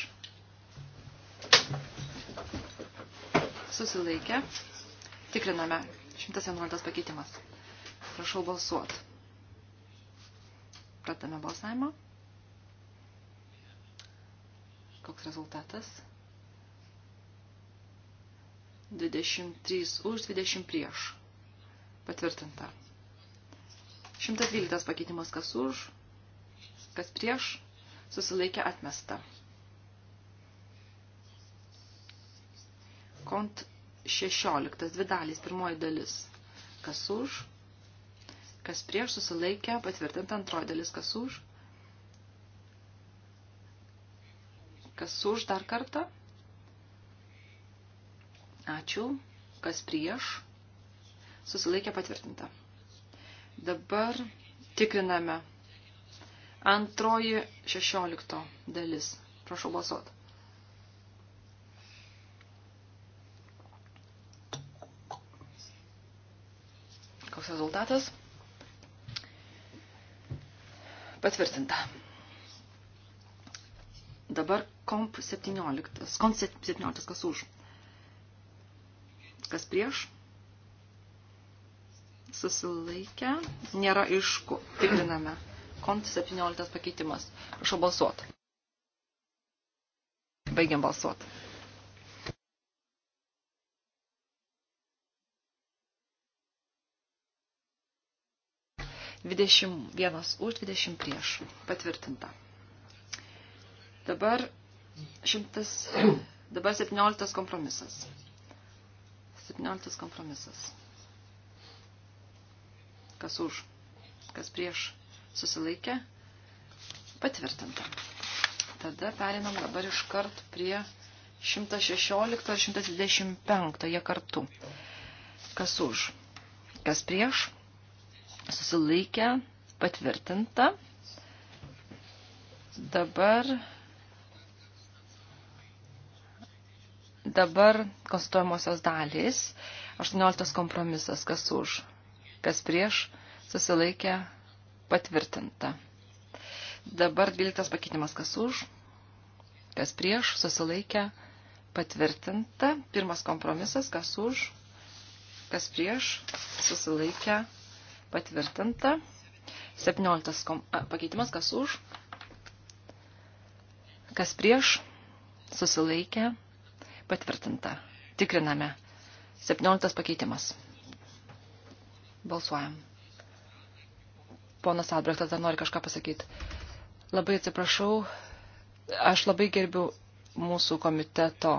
Susilaikė. Tikriname. 111 pakeitimas. Prašau balsuot. Pratame balsavimą. Koks rezultatas? 23 už, 20 prieš. Patvirtinta. 112 pakeitimas kas už, kas prieš, susilaikė atmesta. Kont 16, dvi dalys, pirmoji dalis, kas už, kas prieš, susilaikė, patvirtinta antroji dalis, kas už, kas už dar kartą, ačiū, kas prieš, susilaikė patvirtinta. Dabar tikriname Antroji 16 dalis. Prašau balsuot. Koks rezultatas? Patvirtinta. Dabar komp 17. Komp 17 kas už. Kas prieš? Susilaikę. Nėra išku. Tikriname. Kont 17 pakeitimas. Prašau balsuoti. Baigiam balsuoti. Dvidešimt vienas už, dvidešimt prieš. Patvirtinta. Dabar šimtas, dabar septynioliktas kompromisas. Septynioliktas kompromisas. Kas už, kas prieš susilaikė, patvirtinta. Tada perinam dabar iš kart prie 116 ir 125 jie kartu. Kas už, kas prieš, susilaikė, patvirtinta. Dabar dabar konstatuojamosios dalys, 18 kompromisas, kas už, kas prieš, susilaikė Patvirtinta. Dabar 12 pakeitimas kas už, kas prieš, susilaikę, patvirtinta. Pirmas kompromisas kas už, kas prieš, susilaikę, patvirtinta. 17 kom, a, pakeitimas kas už, kas prieš, susilaikę, patvirtinta. Tikriname. 17 pakeitimas. Balsuojam ponas Albrechtas dar nori kažką pasakyti. Labai atsiprašau, aš labai gerbiu mūsų komiteto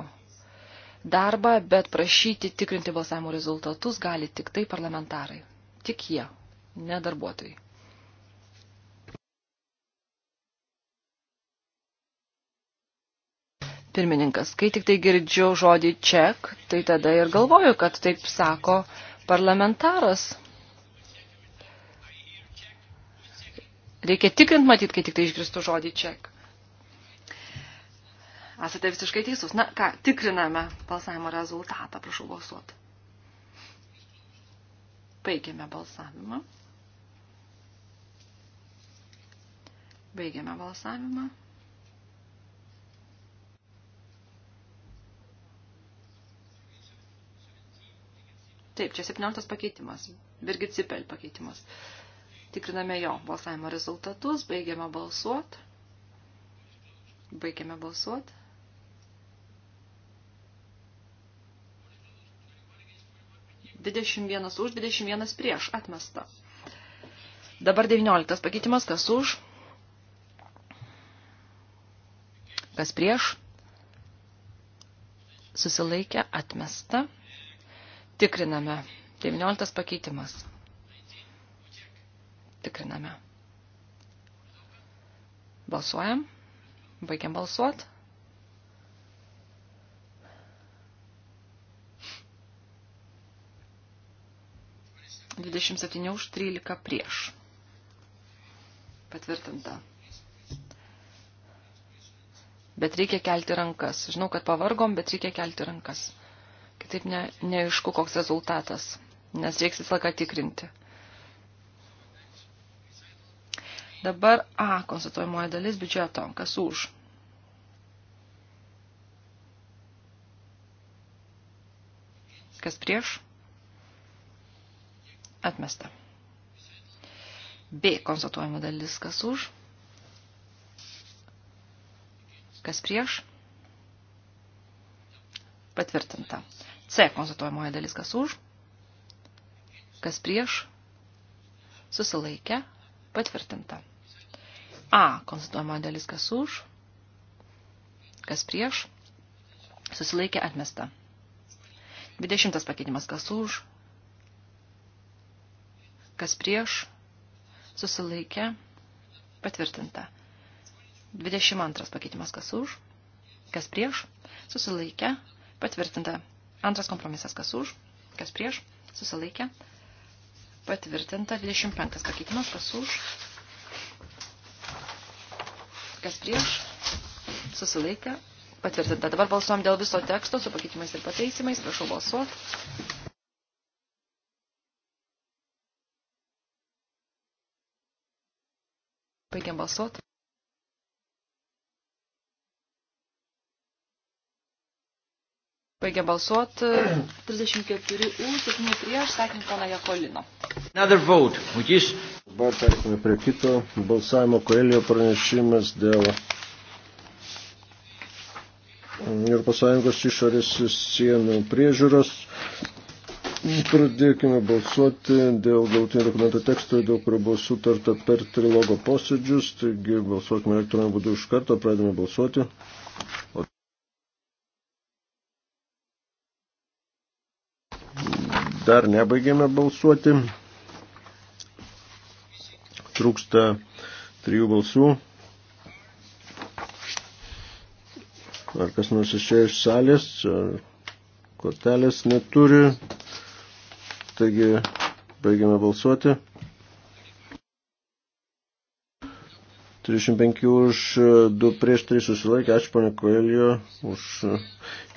darbą, bet prašyti tikrinti balsavimo rezultatus gali tik tai parlamentarai. Tik jie, ne darbuotojai. Pirmininkas, kai tik tai girdžiu žodį ček, tai tada ir galvoju, kad taip sako parlamentaras. Reikia tikrint matyt, kai tik tai išgristų žodį ček. Esate visiškai teisūs. Na ką, tikriname balsavimo rezultatą, prašau balsuoti. Baigiame balsavimą. Baigiame balsavimą. Taip, čia 17 pakeitimas. Birgit Cipel pakeitimas. Tikriname jo balsavimo rezultatus, baigiame balsuot. Baigiame balsuot. Dvidešimt vienas už, dvidešimt vienas prieš, atmesta. Dabar devynioliktas pakeitimas, kas už, kas prieš, susilaikė, atmesta. Tikriname. Devynioliktas pakeitimas. Tikriname. Balsuojam. Baigiam balsuot. Dvidešimt septyni už trylika prieš. Patvirtinta. Bet reikia kelti rankas. Žinau, kad pavargom, bet reikia kelti rankas. Kitaip ne, neaišku, koks rezultatas. Nes reiks visą laiką tikrinti. Dabar A konstatuojamoji dalis biudžeto. Kas už? Kas prieš? Atmesta. B konstatuojama dalis. Kas už? Kas prieš? Patvirtinta. C konstatuojamoji dalis. Kas už? Kas prieš? Susilaikę. Patvirtinta. A. Konstatuojama dalis kas už, kas prieš, susilaikė atmesta. 20 pakeitimas kas už, kas prieš, susilaikė, patvirtinta. 22 pakeitimas kas už, kas prieš, susilaikė, patvirtinta. Antras kompromisas kas už, kas prieš, susilaikė, patvirtinta. 25 pakeitimas kas už, kas prieš, susilaikė, patvirtinta. Dabar balsuom dėl viso teksto su pakeitimais ir pateisimais. Prašau balsuoti. Baigiam balsuoti. Baigia balsuoti 34 už, 7 prieš, sakant pana Jakolino. Another vote, which is... Dabar perkime prie kito balsavimo koelio pranešimas dėl Europos Sąjungos išorės sienų priežiūros. Pradėkime balsuoti dėl gautinio dokumento teksto, dėl kurio buvo sutarta per trilogo posėdžius. Taigi balsuokime elektroniniu būdu iš karto, pradėme balsuoti. O Dar nebaigėme balsuoti. Trūksta trijų balsų. Ar kas nors išėjo iš salės, kortelės neturi. Taigi, baigiame balsuoti. 35 už 2 prieš 3 susilaikė, ačiū pane Koelio už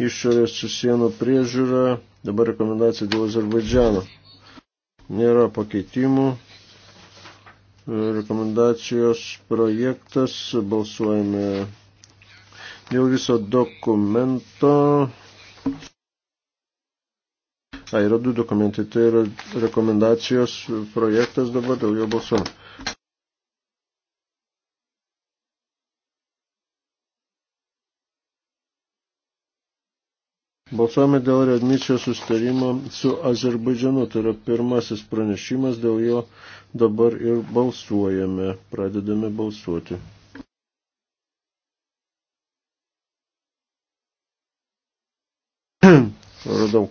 išorės su sienų priežiūrą. Dabar rekomendacija dėl Azerbaidžiano. Nėra pakeitimų. Rekomendacijos projektas. Balsuojame dėl viso dokumento. A, yra du dokumentai. Tai yra rekomendacijos projektas dabar dėl jo balsuojame. Balsuojame dėl readmisijos sustarimo su Azerbaidžianu, tai yra pirmasis pranešimas, dėl jo dabar ir balsuojame, pradedame balsuoti. Radau.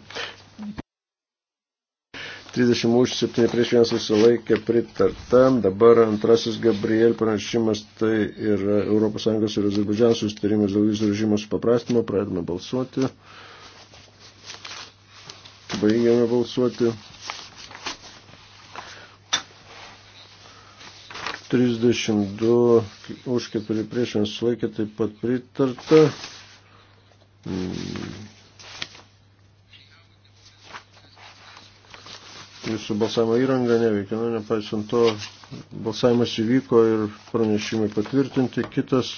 30 už 7 prieš 1 susilaikė pritarta. Dabar antrasis Gabriel pranešimas, tai yra ES ir Azerbaidžianos sustarimas dėl vizų režimo supaprastimo. Pradedame balsuoti. Baigiame balsuoti. 32 už 4 prieš sulaikė taip pat pritarta. Hmm. Jūsų balsavimo įranga neveikia, nu, nepaisant to balsavimas įvyko ir pranešimai patvirtinti. Kitas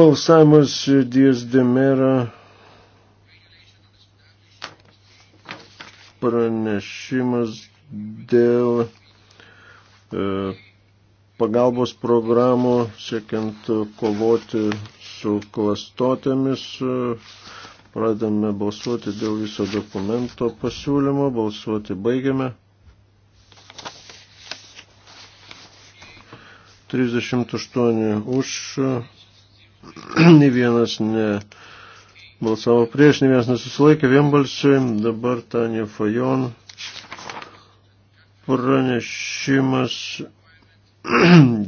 balsavimas Dies Demera pranešimas dėl e, pagalbos programų siekiant kovoti su klastotėmis. Pradame balsuoti dėl viso dokumento pasiūlymo, balsuoti baigiame. 38 už, ne vienas ne balsavo prieš, ne vienas nesusilaikė vienbalsiui, dabar Tanja Fajon pranešimas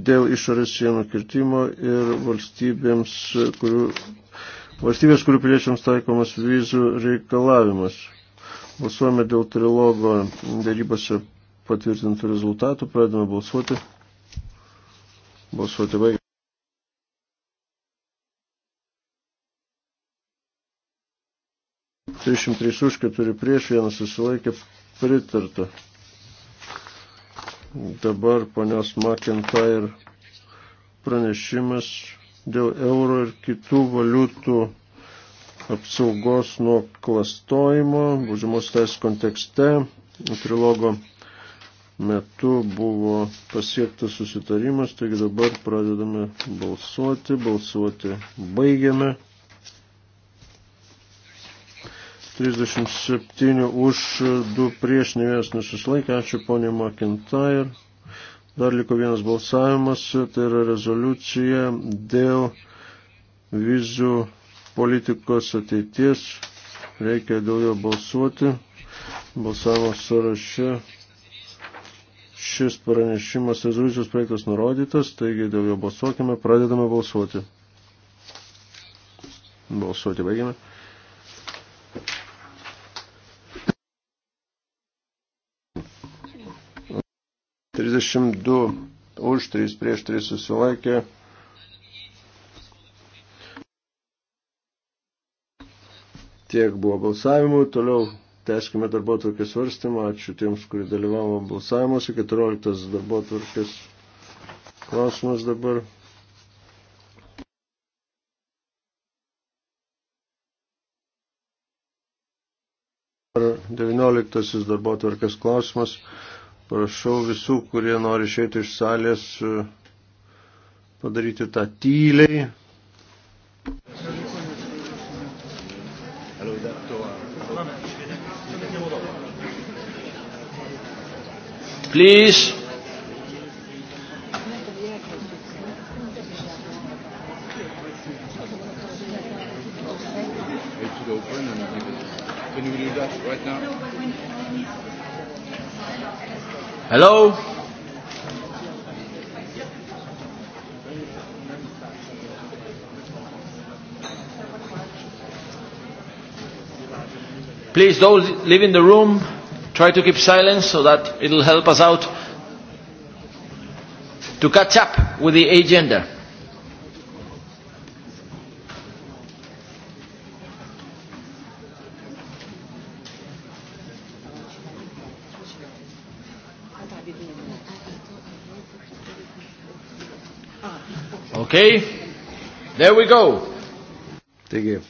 dėl išorės sienų kirtimo ir valstybėms, kurių, valstybės, kurių piliečiams taikomas vizų reikalavimas. Balsuojame dėl trilogo darybose patvirtintų rezultatų, pradame balsuoti. Balsuoti baigia. 303 už, 4 prieš, 1 susilaikė pritarta. Dabar ponios McIntyre pranešimas dėl euro ir kitų valiutų apsaugos nuo klastojimo, būžimos teisės kontekste, trilogo metu buvo pasiektas susitarimas, taigi dabar pradedame balsuoti, balsuoti baigiame. 37 už, 2 prieš, ne vienas nesusilaikė. Ačiū ponė McIntyre. Dar liko vienas balsavimas, tai yra rezoliucija dėl vizų politikos ateities. Reikia dėl jo balsuoti. Balsavimo sąraše šis pranešimas rezoliucijos projektas nurodytas, taigi dėl jo balsuokime, pradedame balsuoti. Balsuoti baigime. 22 už 3 prieš 3 susilaikė. Tiek buvo balsavimų, toliau teškime darbo tvarkės svarstymą. Ačiū tiems, kurie dalyvavo balsavimuose. 14 darbo tvarkės klausimas dabar. Ar 19 darbo tvarkės klausimas. Prašau visų, kurie nori išėti iš salės, padaryti tą tyliai. Please. Hello? Please, those leaving the room, try to keep silence so that it'll help us out to catch up with the agenda. Okay, there we go. Taigi,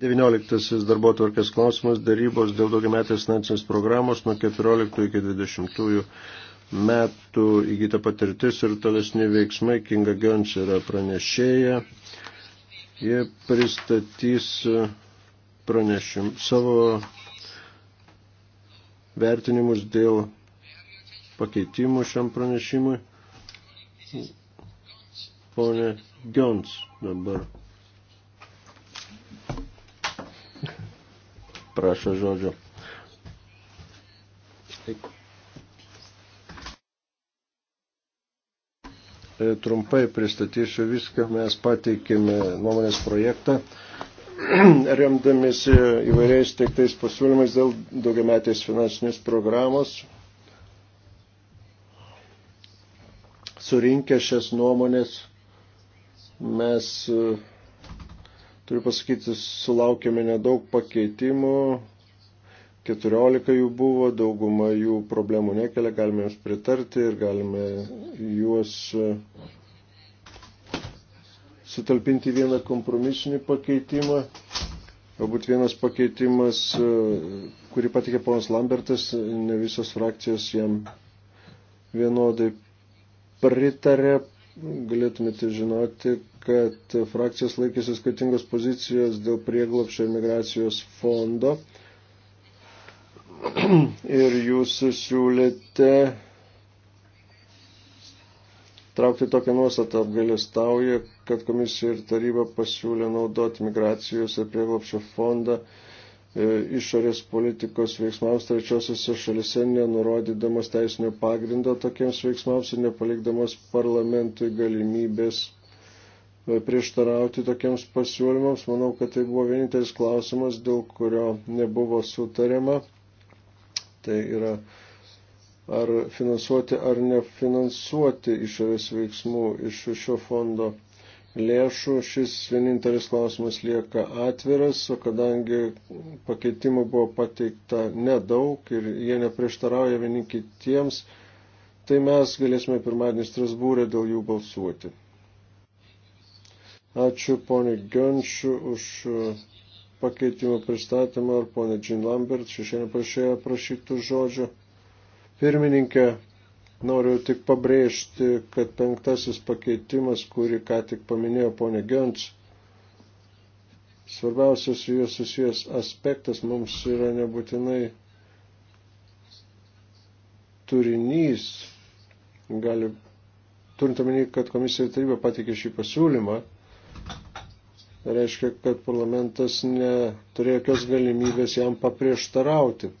19 darbo tvarkės klausimas darybos dėl daugiametės finansinės programos nuo 14 iki 20 metų įgyta patirtis ir tolesni veiksmai. Kinga Gions yra pranešėja. Jie pristatys pranešim savo vertinimus dėl pakeitimų šiam pranešimui ponė Gions dabar. Prašo žodžio. E, trumpai pristatysiu viską. Mes pateikėme nuomonės projektą, remdamėsi įvairiais teiktais pasiūlymais dėl daugiametės finansinės programos surinkę šias nuomonės Mes, e, turiu pasakyti, sulaukėme nedaug pakeitimų, 14 jų buvo, dauguma jų problemų nekelia, galime jums pritarti ir galime juos e, sutalpinti vieną kompromisinį pakeitimą. Galbūt vienas pakeitimas, e, kurį patikė ponas Lambertas, ne visos frakcijos jam vienodai pritarė galėtumėte žinoti, kad frakcijos laikėsi skirtingos pozicijos dėl prieglopščio imigracijos fondo. Ir jūs siūlėte traukti tokią nuostatą apgailestauja, kad komisija ir taryba pasiūlė naudoti migracijos ir prieglopščio fondą E, išorės politikos veiksmams trečiosiuose šalise, nenurodydamas teisinio pagrindo tokiems veiksmams ir nepalikdamas parlamentui galimybės e, prieštarauti tokiems pasiūlymams. Manau, kad tai buvo vienintelis klausimas, dėl kurio nebuvo sutariama. Tai yra, ar finansuoti ar nefinansuoti išorės veiksmų iš šio fondo lėšų. Šis vienintelis klausimas lieka atviras, o kadangi pakeitimų buvo pateikta nedaug ir jie neprieštarauja vieni kitiems, tai mes galėsime pirmadienį Strasbūrė dėl jų balsuoti. Ačiū ponė Gönšiu už pakeitimo pristatymą ir ponė Jean Lambert šešienė prašėjo prašytų žodžio. Pirmininkė, Noriu tik pabrėžti, kad penktasis pakeitimas, kurį ką tik paminėjo ponė Gönč, svarbiausias su juo susijęs aspektas mums yra nebūtinai turinys, gali, turint omeny, kad komisija ir taryba patikė šį pasiūlymą, reiškia, kad parlamentas neturėjo jokios galimybės jam paprieštarauti.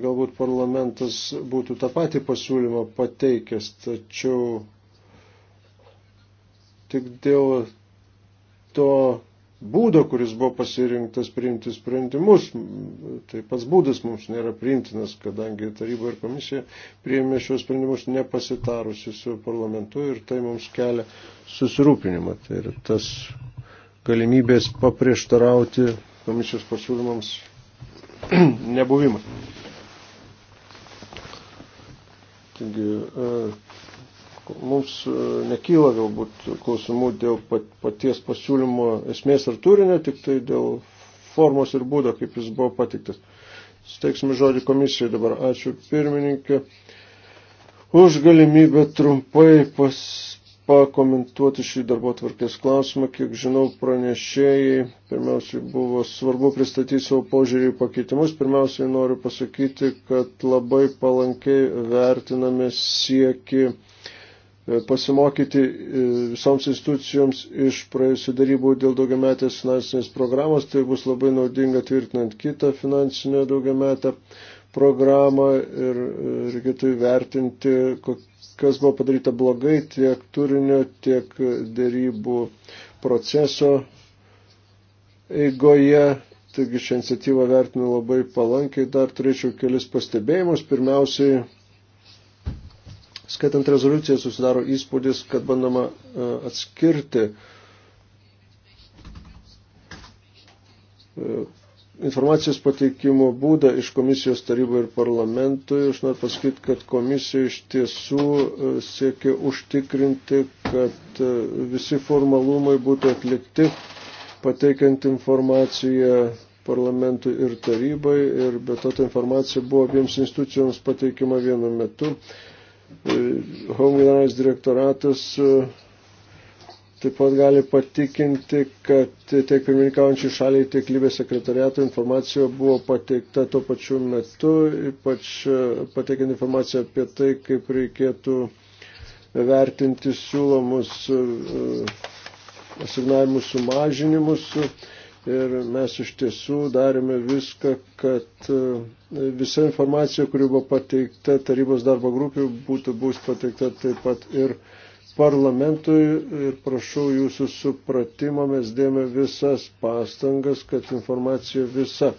Galbūt parlamentas būtų tą patį pasiūlymą pateikęs, tačiau tik dėl to būdo, kuris buvo pasirinktas priimti sprendimus, tai pats būdas mums nėra priimtinas, kadangi taryba ir komisija priėmė šios sprendimus nepasitarusi su parlamentu ir tai mums kelia susirūpinimą. Tai yra tas galimybės paprieštarauti komisijos pasiūlymams nebuvimas. Taigi, e, mums e, nekyla galbūt klausimų dėl paties pasiūlymo esmės ar turinio, tik tai dėl formos ir būdo, kaip jis buvo patiktas. Steiksime žodį komisijai dabar. Ačiū pirmininkė už galimybę trumpai pas, pakomentuoti šį darbo tvarkės klausimą. Kiek žinau, pranešėjai pirmiausiai buvo svarbu pristatyti savo požiūrį į pakeitimus. Pirmiausiai noriu pasakyti, kad labai palankiai vertiname sieki e, pasimokyti e, visoms institucijoms iš praėjusių darybų dėl daugiametės finansinės programos. Tai bus labai naudinga tvirtinant kitą finansinę daugiametę programą ir e, reikėtų įvertinti, kokią kas buvo padaryta blogai tiek turinio, tiek dėrybų proceso eigoje. Taigi šią iniciatyvą vertinu labai palankiai. Dar turėčiau kelis pastebėjimus. Pirmiausiai, skaitant rezoliuciją, susidaro įspūdis, kad bandoma e, atskirti e, informacijos pateikimo būdą iš komisijos tarybai ir parlamentui. Aš noriu pasakyti, kad komisija iš tiesų e, siekia užtikrinti, kad e, visi formalumai būtų atlikti, pateikiant informaciją parlamentui ir tarybai ir be to ta informacija buvo abiems institucijoms pateikima vienu metu. E, Home generalinis direktoratas taip pat gali patikinti, kad tiek pirmininkaujančiai šaliai, tiek lybės sekretariato informacija buvo pateikta tuo pačiu metu, ypač e, pateikiant informaciją apie tai, kaip reikėtų vertinti siūlomus e, asignavimus sumažinimus. Ir mes iš tiesų darėme viską, kad e, visa informacija, kuri buvo pateikta tarybos darbo grupių, būtų bus pateikta taip pat ir uh, parlamentui ir prašau jūsų supratimo, mes dėme visas pastangas, kad informacija visa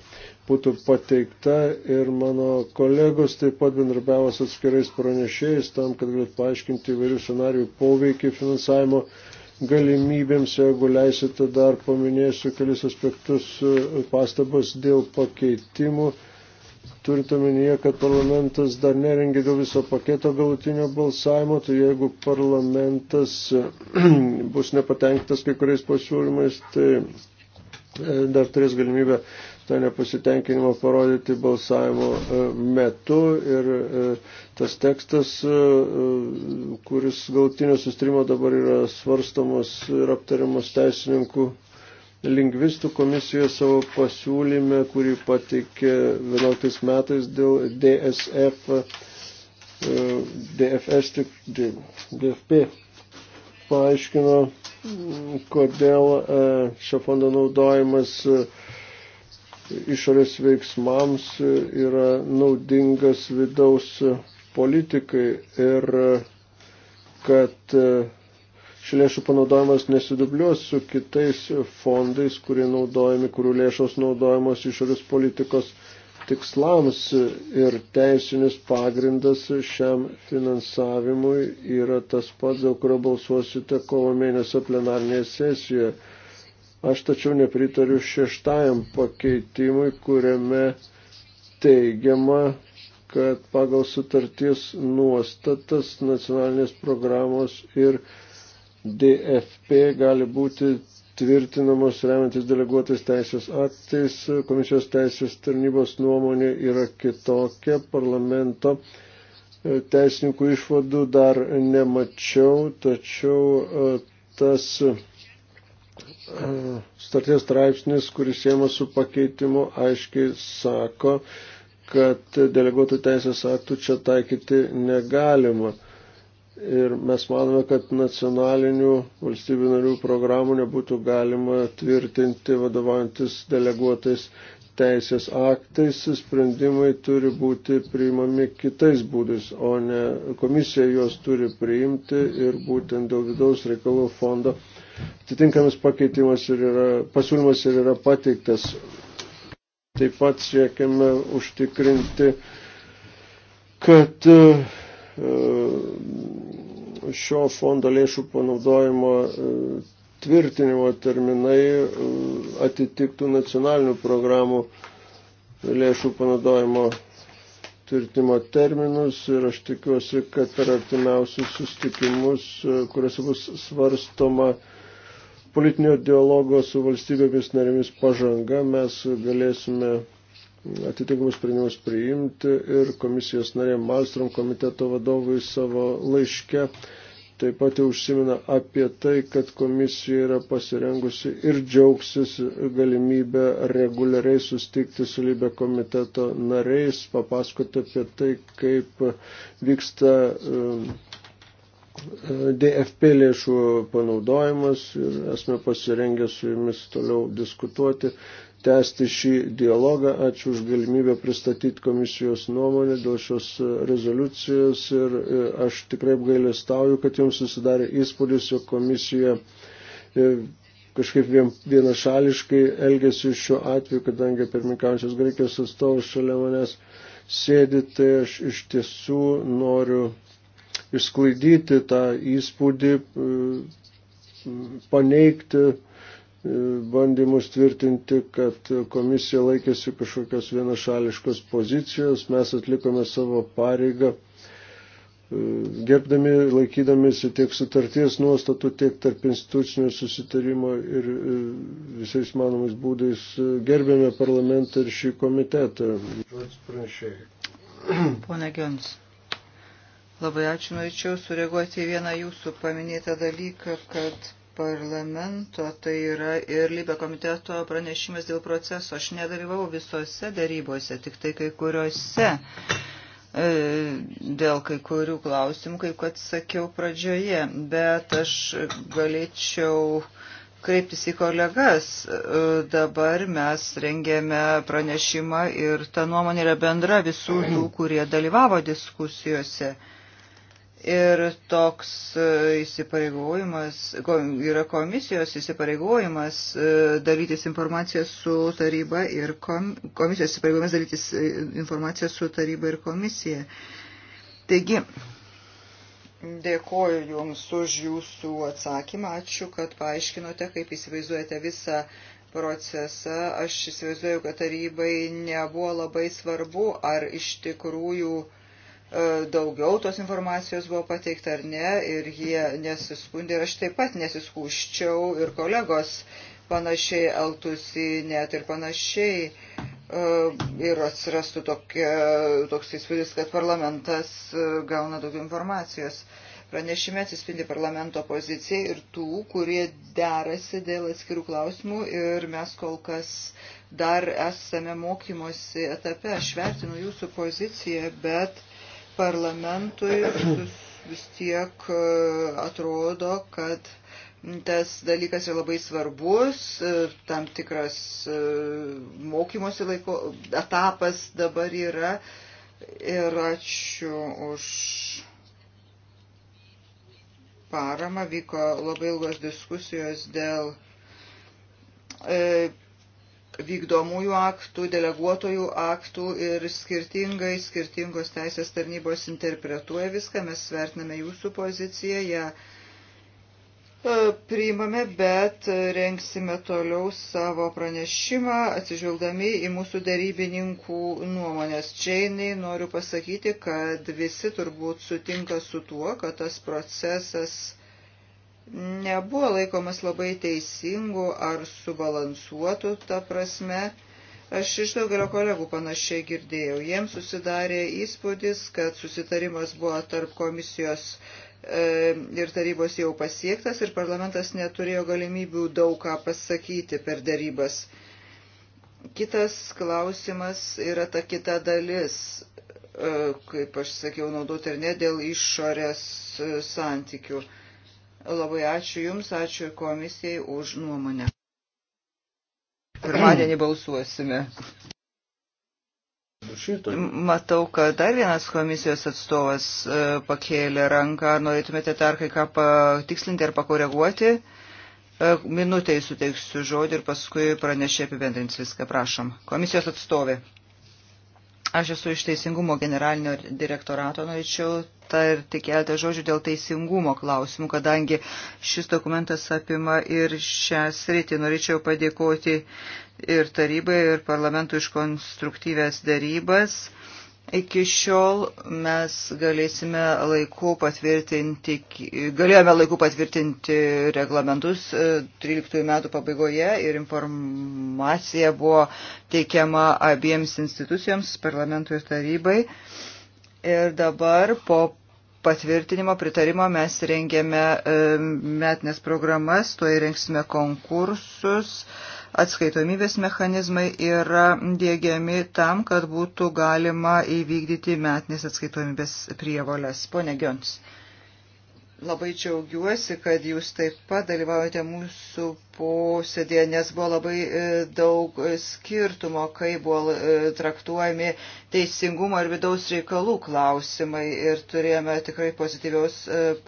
būtų pateikta ir mano kolegos taip pat bendrabiavo su atskirais pranešėjais tam, kad galėtų paaiškinti įvairių scenarijų poveikį finansavimo galimybėms, jeigu leisite dar paminėsiu kelis aspektus pastabas dėl pakeitimų turint omenyje, kad parlamentas dar nerengė dėl viso paketo galutinio balsavimo, tai jeigu parlamentas bus nepatenkintas kai kuriais pasiūlymais, tai e, dar turės galimybę tą nepasitenkinimą parodyti balsavimo e, metu ir e, tas tekstas, kuris galutinio sustrimo dabar yra svarstamas ir aptariamas teisininkų lingvistų komisija savo pasiūlyme, kurį pateikė 11 metais dėl DSF, e, DFS, tik DFP, paaiškino, kodėl e, šio fondo naudojimas e, išorės veiksmams yra naudingas vidaus politikai ir kad Ši lėšų panaudojimas nesidubliuos su kitais fondais, kurie naudojami, kurių lėšos naudojamos išorės politikos tikslams ir teisinis pagrindas šiam finansavimui yra tas pats, dėl kurio balsuosite kovo mėnesio plenarnėje sesijoje. Aš tačiau nepritariu šeštajam pakeitimui, kuriame teigiama, kad pagal sutarties nuostatas nacionalinės programos ir DFP gali būti tvirtinamos remiantis deleguotais teisės aktais. Komisijos teisės tarnybos nuomonė yra kitokia. Parlamento e, teisininkų išvadų dar nemačiau, tačiau e, tas e, starties straipsnis, kuris siemas su pakeitimu, aiškiai sako, kad deleguotų teisės aktų čia taikyti negalima. Ir mes manome, kad nacionalinių valstybių narių programų nebūtų galima tvirtinti vadovantis deleguotais teisės aktais. Sprendimai turi būti priimami kitais būdais, o ne komisija juos turi priimti ir būtent dėl vidaus reikalų fondo atitinkamas pakeitimas ir yra, pasiūlymas ir yra pateiktas. Taip pat siekiame užtikrinti, kad uh, šio fondo lėšų panaudojimo e, tvirtinimo terminai e, atitiktų nacionalinių programų lėšų panaudojimo tvirtinimo terminus ir aš tikiuosi, kad per artimiausius sustikimus, e, kuriuose bus svarstoma politinio dialogo su valstybėmis narėmis pažanga, mes galėsime atitinkamus sprendimus priimti ir komisijos narė Malstrom komiteto vadovui savo laiške taip pat jau užsimina apie tai, kad komisija yra pasirengusi ir džiaugsis galimybę reguliariai sustikti su lybė komiteto nariais, papasakoti apie tai, kaip vyksta um, DFP lėšų panaudojimas ir esame pasirengę su jumis toliau diskutuoti tęsti šį dialogą. Ačiū už galimybę pristatyti komisijos nuomonę dėl šios rezoliucijos ir e, aš tikrai apgailestauju, kad jums susidarė įspūdis, jog komisija e, kažkaip vien, vienašališkai elgesi šiuo atveju, kadangi pirmininkaujančios Graikijos atstovas šalia manęs sėdi, tai aš iš tiesų noriu išsklaidyti tą įspūdį, e, paneigti bandymus tvirtinti, kad komisija laikėsi kažkokios vienašališkos pozicijos, mes atlikome savo pareigą, e, gerbdami, laikydamėsi tiek sutarties nuostatų, tiek tarp institucinio susitarimo ir e, visais manomais būdais e, gerbėme parlamentą ir šį komitetą. Pone Gions. Labai ačiū, norėčiau sureaguoti į vieną jūsų paminėtą dalyką, kad parlamento, tai yra ir Libė komiteto pranešimas dėl proceso. Aš nedalyvau visose darybose, tik tai kai kuriuose e, dėl kai kurių klausimų, kaip kad sakiau pradžioje, bet aš galėčiau kreiptis į kolegas. E, dabar mes rengėme pranešimą ir ta nuomonė yra bendra visų tų, kurie dalyvavo diskusijose. Ir toks e, įsipareigojimas, yra komisijos įsipareigojimas e, dalytis informaciją su taryba ir kom, komisijos įsipareigojimas dalytis e, informaciją su taryba ir komisija. Taigi, dėkoju Jums už Jūsų atsakymą, ačiū, kad paaiškinote, kaip įsivaizduojate visą procesą. Aš įsivaizduoju, kad tarybai nebuvo labai svarbu, ar iš tikrųjų uh, E, daugiau tos informacijos buvo pateikta ar ne ir jie nesiskundė ir aš taip pat nesiskūščiau ir kolegos panašiai elgtųsi net ir panašiai e, ir atsirastų tokia, toks įspūdis, kad parlamentas e, gauna daugiau informacijos. Pranešime atsispindi parlamento pozicija ir tų, kurie derasi dėl atskirų klausimų ir mes kol kas dar esame mokymosi etape. Aš vertinu jūsų poziciją, bet parlamentui vis tiek e, atrodo, kad tas dalykas yra labai svarbus, e, tam tikras e, mokymosi laiko etapas dabar yra ir ačiū už paramą, vyko labai ilgos diskusijos dėl vykdomųjų aktų, deleguotojų aktų ir skirtingai skirtingos teisės tarnybos interpretuoja viską. Mes svertiname jūsų poziciją, ją e, priimame, bet renksime toliau savo pranešimą, atsižvelgdami į mūsų darybininkų nuomonės. Čeinai noriu pasakyti, kad visi turbūt sutinka su tuo, kad tas procesas nebuvo laikomas labai teisingu ar subalansuotu ta prasme. Aš iš daugelio kolegų panašiai girdėjau. Jiems susidarė įspūdis, kad susitarimas buvo tarp komisijos e, ir tarybos jau pasiektas ir parlamentas neturėjo galimybių daug ką pasakyti per darybas. Kitas klausimas yra ta kita dalis, e, kaip aš sakiau, naudoti ar ne dėl išorės e, santykių. Labai ačiū Jums, ačiū komisijai už nuomonę. Pirmadienį balsuosime. Matau, kad dar vienas komisijos atstovas e, pakėlė ranką. Norėtumėte dar kai ką patikslinti ar pakoreguoti? E, Minutėj suteiksiu žodį ir paskui pranešė apibendrins viską. Prašom. Komisijos atstovė. Aš esu iš Teisingumo generalinio direktorato, norėčiau tarti keletą žodžių dėl teisingumo klausimų, kadangi šis dokumentas apima ir šią sritį. Norėčiau padėkoti ir tarybai, ir parlamentui iš konstruktyvės darybas. Iki šiol mes galėsime laiku patvirtinti, galėjome laiku patvirtinti reglamentus 13 e, metų pabaigoje ir informacija buvo teikiama abiems institucijoms, parlamentui ir tarybai. Ir dabar po patvirtinimo, pritarimo mes rengėme e, metinės programas, to įrengsime konkursus, atskaitomybės mechanizmai yra dėgiami tam, kad būtų galima įvykdyti metinės atskaitomybės prievolės. Pone Gions labai džiaugiuosi, kad jūs taip pat dalyvaujate mūsų posėdėje, nes buvo labai e, daug e, skirtumo, kai buvo e, traktuojami teisingumo ir vidaus reikalų klausimai ir turėjome tikrai pozityviaus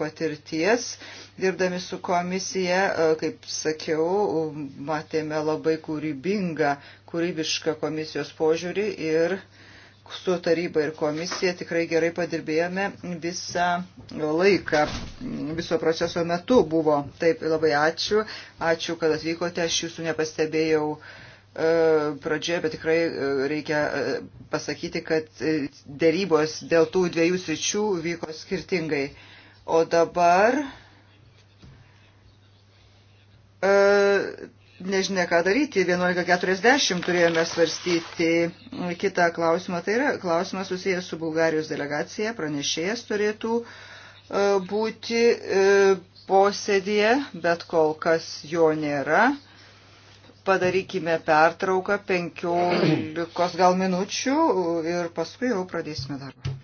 patirties. Dirbdami su komisija, kaip sakiau, matėme labai kūrybingą, kūrybišką komisijos požiūrį ir uh, su taryba ir komisija tikrai gerai padirbėjome visą laiką, viso proceso metu buvo. Taip, labai ačiū. Ačiū, kad atvykote. Aš jūsų nepastebėjau e, pradžioje, bet tikrai e, reikia e, pasakyti, kad dėrybos dėl tų dviejų sričių vyko skirtingai. O dabar nežinia ką daryti. 11.40 turėjome svarstyti kitą klausimą. Tai yra klausimas susijęs su Bulgarijos delegacija. Pranešėjas turėtų e, būti e, posėdėje, bet kol kas jo nėra. Padarykime pertrauką 15 gal minučių ir paskui jau pradėsime darbą.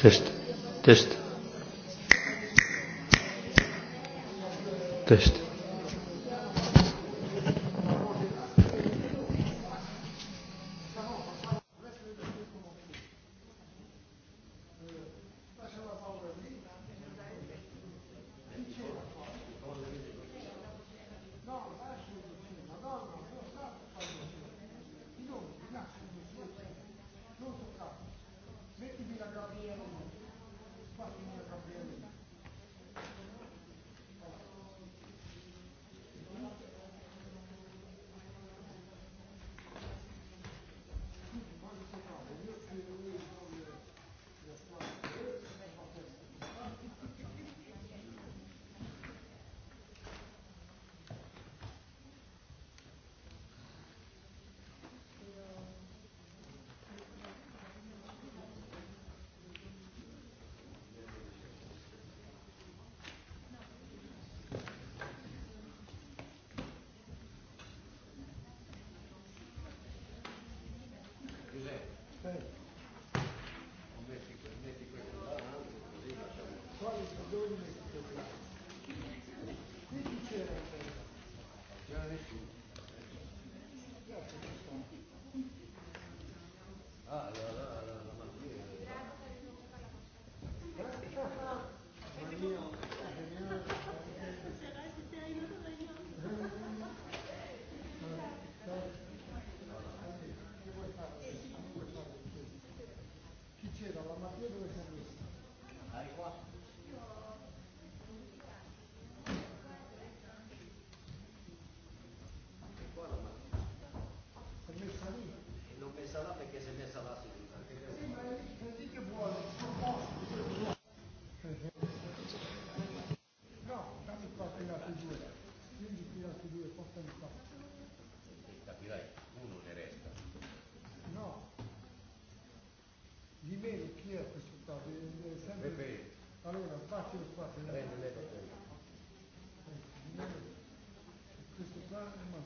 Test. Test. Test.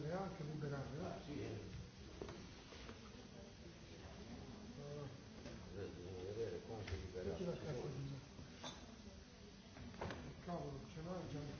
TVA anche liberale. Eh? Sì, eh. Vedere quanto liberale. Cavolo, ce l'hai già.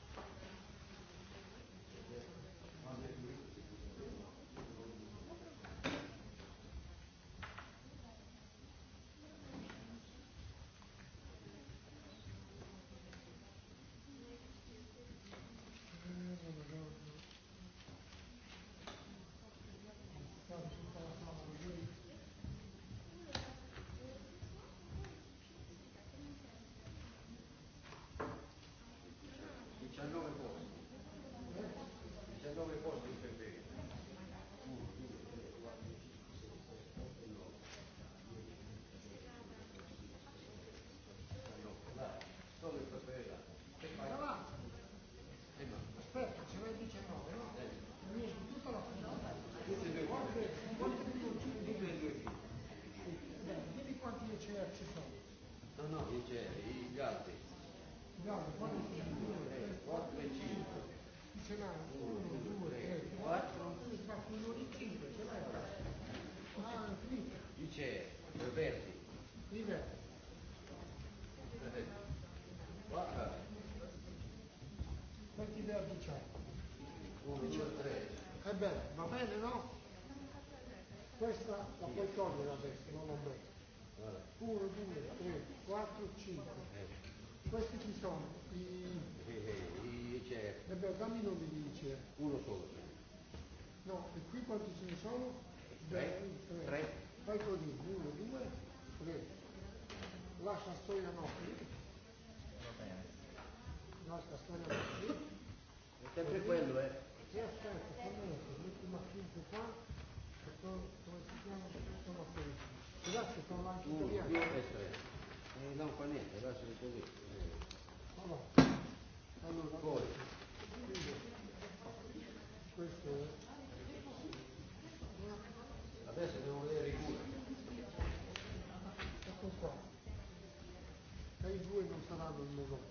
bene, va bene no? Questa la puoi togliere adesso, non la metto. 1, 2, 3, 4, 5. Questi chi sono? I... E beh, dammi non mi dice. Uno solo. No, e qui quanti ce ne sono? 3. 3. Fai così, 1, 2, 3. Lascia storia nostra. Va bene. Lascia storia nostra. È sempre quello, eh non fa niente, lascialo così. Allora, poi questo è... adesso devo vedere i due. Ecco qua. E i due non saranno il modo.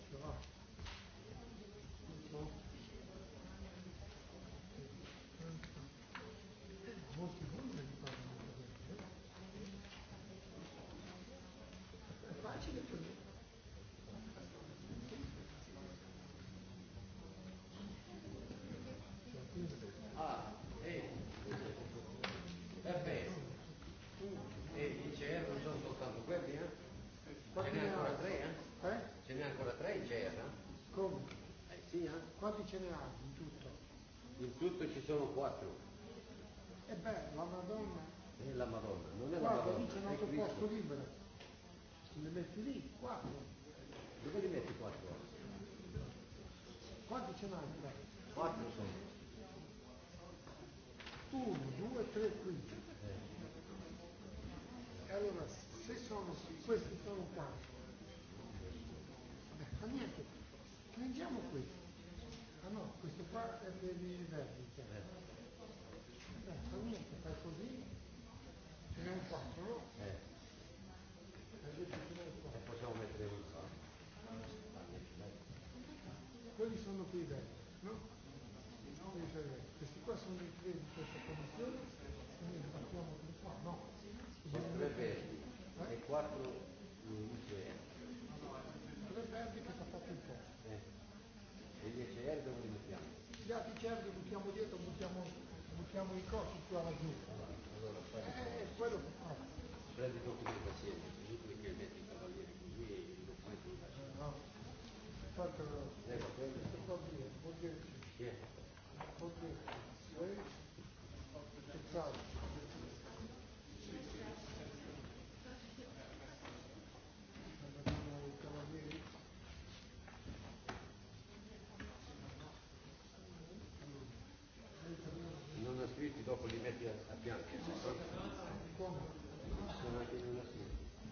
4. E eh beh, la Madonna. È eh, la Madonna, non è la Madonna. Lì c'è un altro posto libero. Le metti lì, 4. Dove li metti 4? Quanti ce n'hai? 4 sono. 1, 2, 3, 15. E allora, se sono, questi sono 4. Beh, fa niente, prendiamo questi no, questo qua è per il vertice. Eh, fa niente, fai così, ce n'è un 4, no? Eh. E possiamo mettere un qua. Quelli sono qui i vertici, no? Questi qua sono i tre di questa condizione, quindi partiamo da qua, no? Sono tre vertici eh? e quattro tirati i cervi, buttiamo dietro, buttiamo, buttiamo i cosi qua laggiù. Allora, eh, eh quello che fa. Prendi proprio di pazienza, così perché metti i cavalieri così e lo fai tu. Eh, no, fatelo. Eh, va bene. Vuol dire, vuol dire. Che? Vuol dire.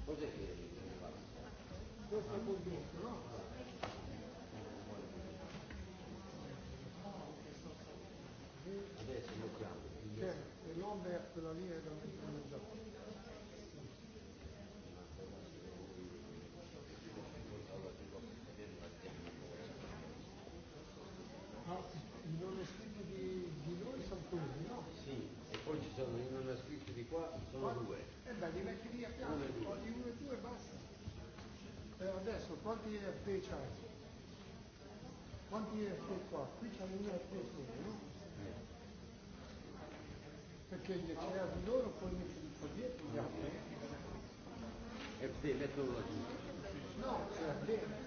Cos'è che Questo è molto no? Adesso lo chiamo. Certo, e non verso la linea da me. perché gli creati loro poi mettono un po' dietro gli altri. E te mettono la giù. No, c'è la vera.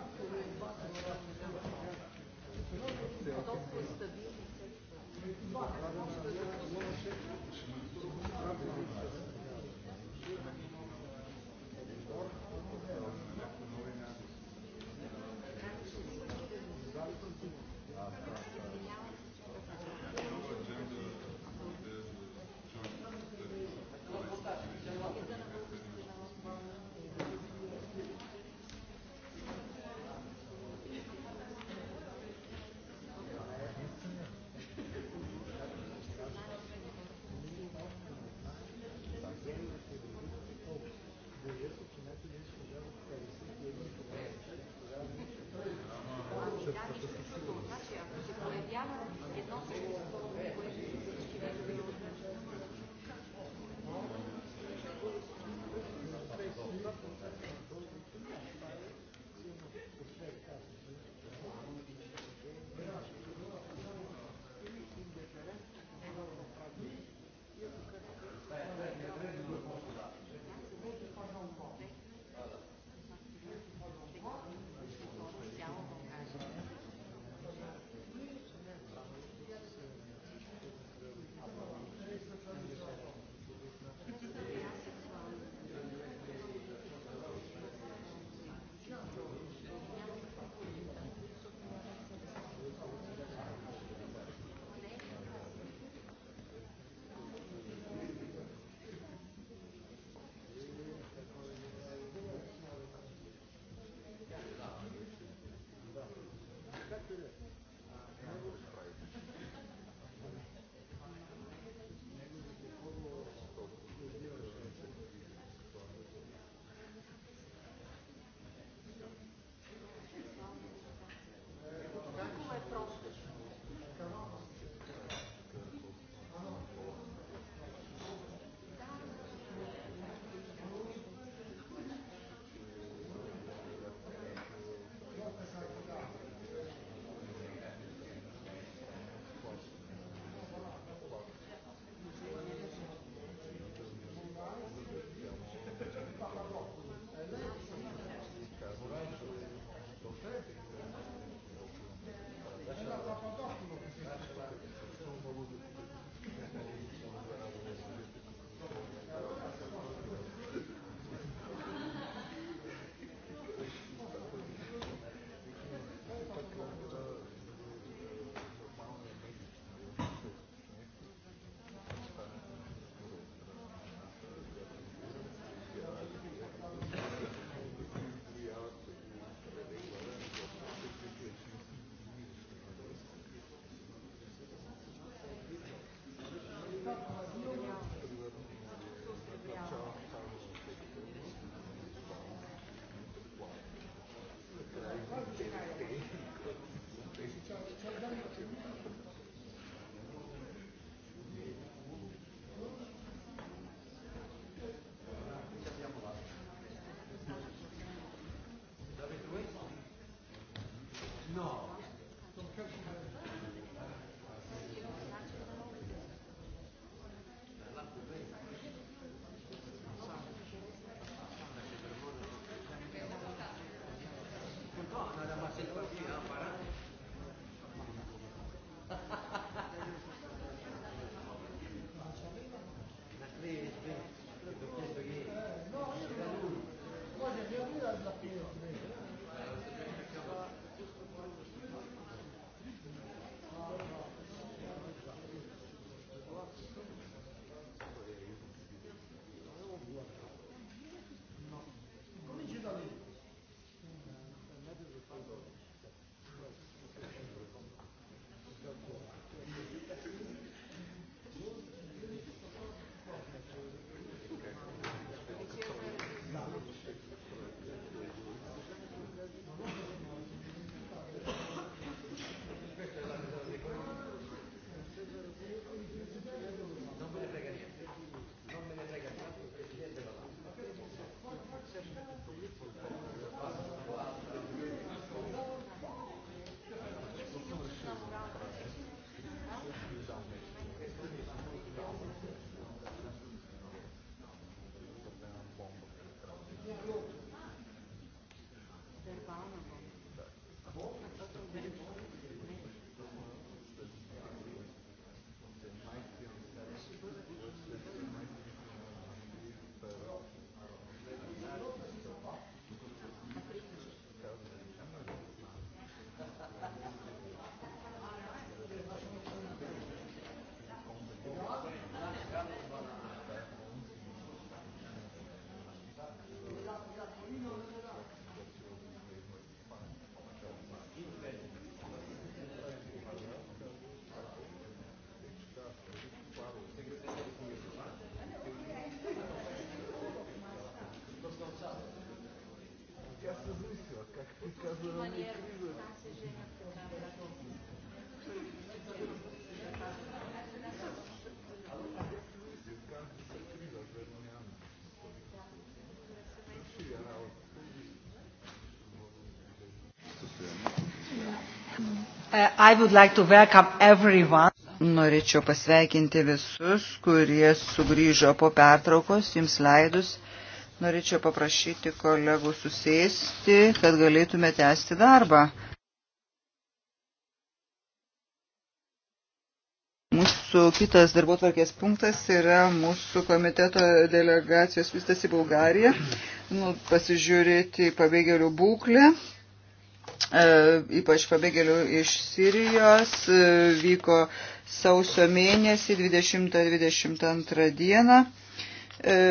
быстро, как ты сказала, не криво. I would like to welcome everyone. Norėčiau pasveikinti visus, kurie sugrįžo po pertraukos, jums leidus. Uh, Norėčiau paprašyti kolegų susėsti, kad galėtume tęsti darbą. Mūsų kitas darbo tvarkės punktas yra mūsų komiteto delegacijos vistas į Bulgariją, nu, pasižiūrėti pabėgėlių būklę e, ypač pabėgėlių iš Sirijos, e, vyko sausio mėnesį 20-22 dieną. E,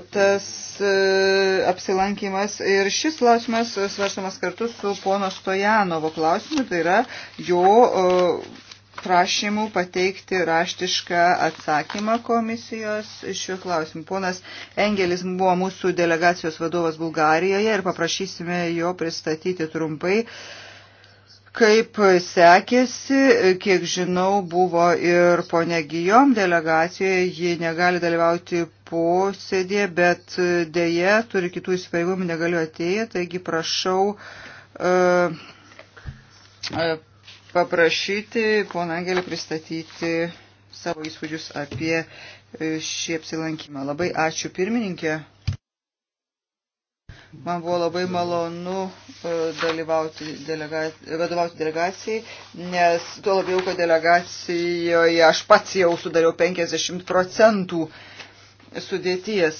tas e, apsilankimas ir šis klausimas svarstamas kartu su pono Stojanovo klausimu, tai yra jo e, prašymų pateikti raštišką atsakymą komisijos šiuo klausimu. Ponas Engelis buvo mūsų delegacijos vadovas Bulgarijoje ir paprašysime jo pristatyti trumpai uh, Kaip sekėsi, kiek žinau, buvo ir ponė Gijom delegacijoje, ji negali dalyvauti posėdėje, bet dėje turi kitų įsipareigojimų, negaliu atėję, taigi prašau e, e, paprašyti poną Angelį pristatyti savo įspūdžius apie e, šį apsilankymą. Labai ačiū pirmininkė. Man buvo labai malonu e, dalyvauti delegacijai, vadovauti delegacijai, nes tuo labiau, kad delegacijoje aš pats jau sudariau 50 procentų sudėties,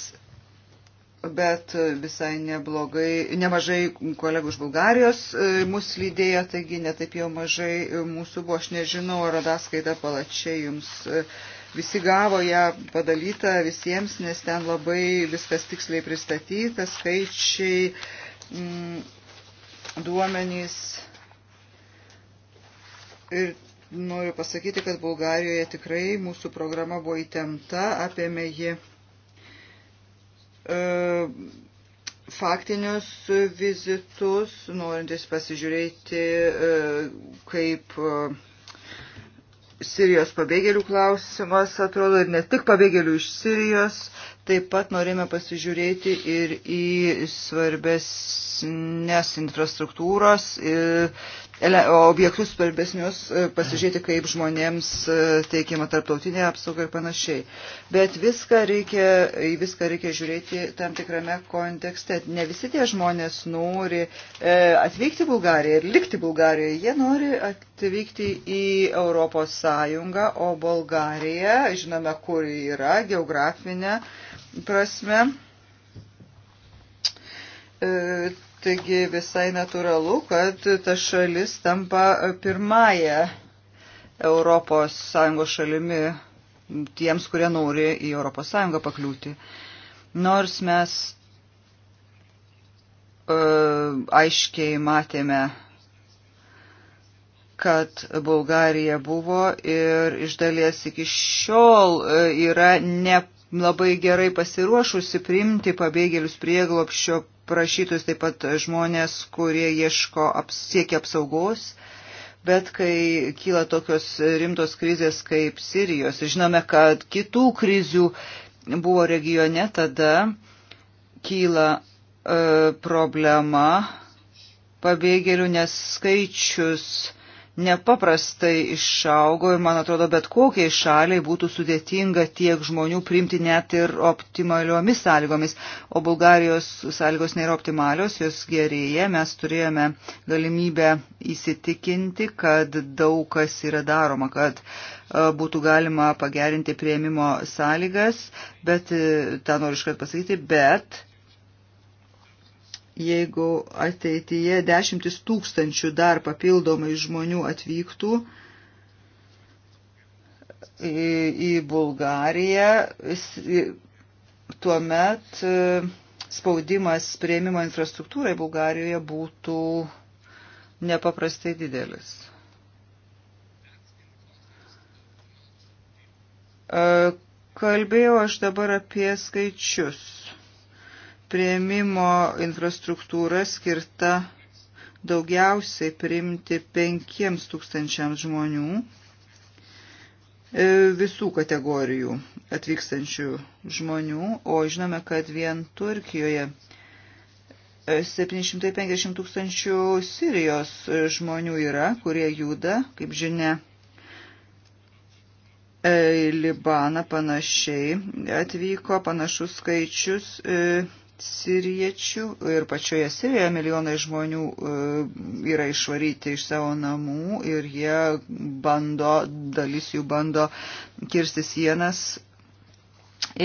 bet visai neblogai, nemažai kolegų iš Bulgarijos e, mus lydėjo, taigi netaip jau mažai mūsų buvo, aš nežinau, ar ataskaita palačiai jums. Uh, visi gavo ją padalytą visiems, nes ten labai viskas tiksliai pristatyta, skaičiai, m, mm, duomenys. Ir noriu pasakyti, kad Bulgarijoje tikrai mūsų programa buvo įtempta, apėmė ji. E, faktinius vizitus, norintys pasižiūrėti, e, kaip e, Sirijos pabėgėlių klausimas, atrodo, ir ne tik pabėgėlių iš Sirijos, taip pat norėjome pasižiūrėti ir į svarbesnės infrastruktūros ir objektus svarbesnius, e, pasižiūrėti, kaip žmonėms e, teikiama tarptautinė apsauga ir panašiai. Bet viską reikia, į viską reikia žiūrėti tam tikrame kontekste. Ne visi tie žmonės nori e, atvykti Bulgariją ir likti Bulgarijoje. Jie nori atvykti į Europos Sąjungą, o Bulgarija, žinome, kur yra geografinė prasme Taigi visai natūralu, kad ta šalis tampa pirmąją ES šalimi tiems, kurie nori į ES pakliūti. Nors mes uh, aiškiai matėme kad Bulgarija buvo ir iš dalies iki šiol e, yra ne labai gerai pasiruošusi priimti pabėgėlius prieglopščio prašytus, taip pat žmonės, kurie ieško, siekia apsaugos. Bet kai kyla tokios rimtos krizės kaip Sirijos, žinome, kad kitų krizių buvo regione, tada kyla e, problema pabėgėlių, nes skaičius nepaprastai išaugo ir, man atrodo, bet kokiai šaliai būtų sudėtinga tiek žmonių priimti net ir optimaliomis sąlygomis. O Bulgarijos sąlygos nėra optimalios, jos gerėja. Mes turėjome galimybę įsitikinti, kad daug kas yra daroma, kad e, būtų galima pagerinti prieimimo sąlygas, bet, e, tą noriu iškart pasakyti, bet jeigu ateityje dešimtis tūkstančių dar papildomai žmonių atvyktų į, į Bulgariją, tuomet e, spaudimas prieimimo infrastruktūrai Bulgarijoje būtų nepaprastai didelis. E, kalbėjau aš dabar apie skaičius prieimimo infrastruktūra skirta daugiausiai priimti penkiems tūkstančiams žmonių e, visų kategorijų atvykstančių žmonių, o žinome, kad vien Turkijoje 750 e, tūkstančių Sirijos žmonių yra, kurie juda, kaip žinia, e, į Libaną panašiai atvyko panašus skaičius siriečių ir pačioje Sirijoje milijonai žmonių e, yra išvaryti iš savo namų ir jie bando, dalis jų bando kirsti sienas.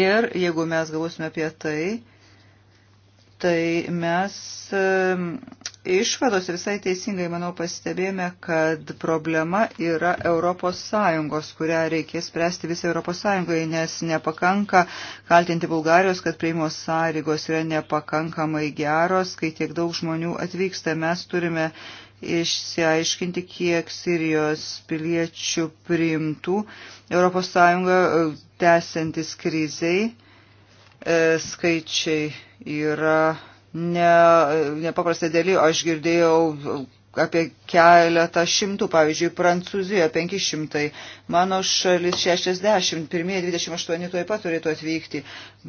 Ir jeigu mes galvosime apie tai, tai mes išvadose visai teisingai, manau, pastebėjome, kad problema yra ES, kurią reikės spręsti visai ES, nes nepakanka kaltinti Bulgarijos, kad prieimo sąlygos yra nepakankamai geros, kai tiek daug žmonių atvyksta. Mes turime išsiaiškinti, kiek Sirijos piliečių priimtų ES e, tęsiantis kriziai E, skaičiai yra ne, nepaprastai dėlį. Aš girdėjau apie keletą šimtų, pavyzdžiui, Prancūzijoje 500, mano šalis 60, pirmieji 28 tuoj pat turėtų atvykti,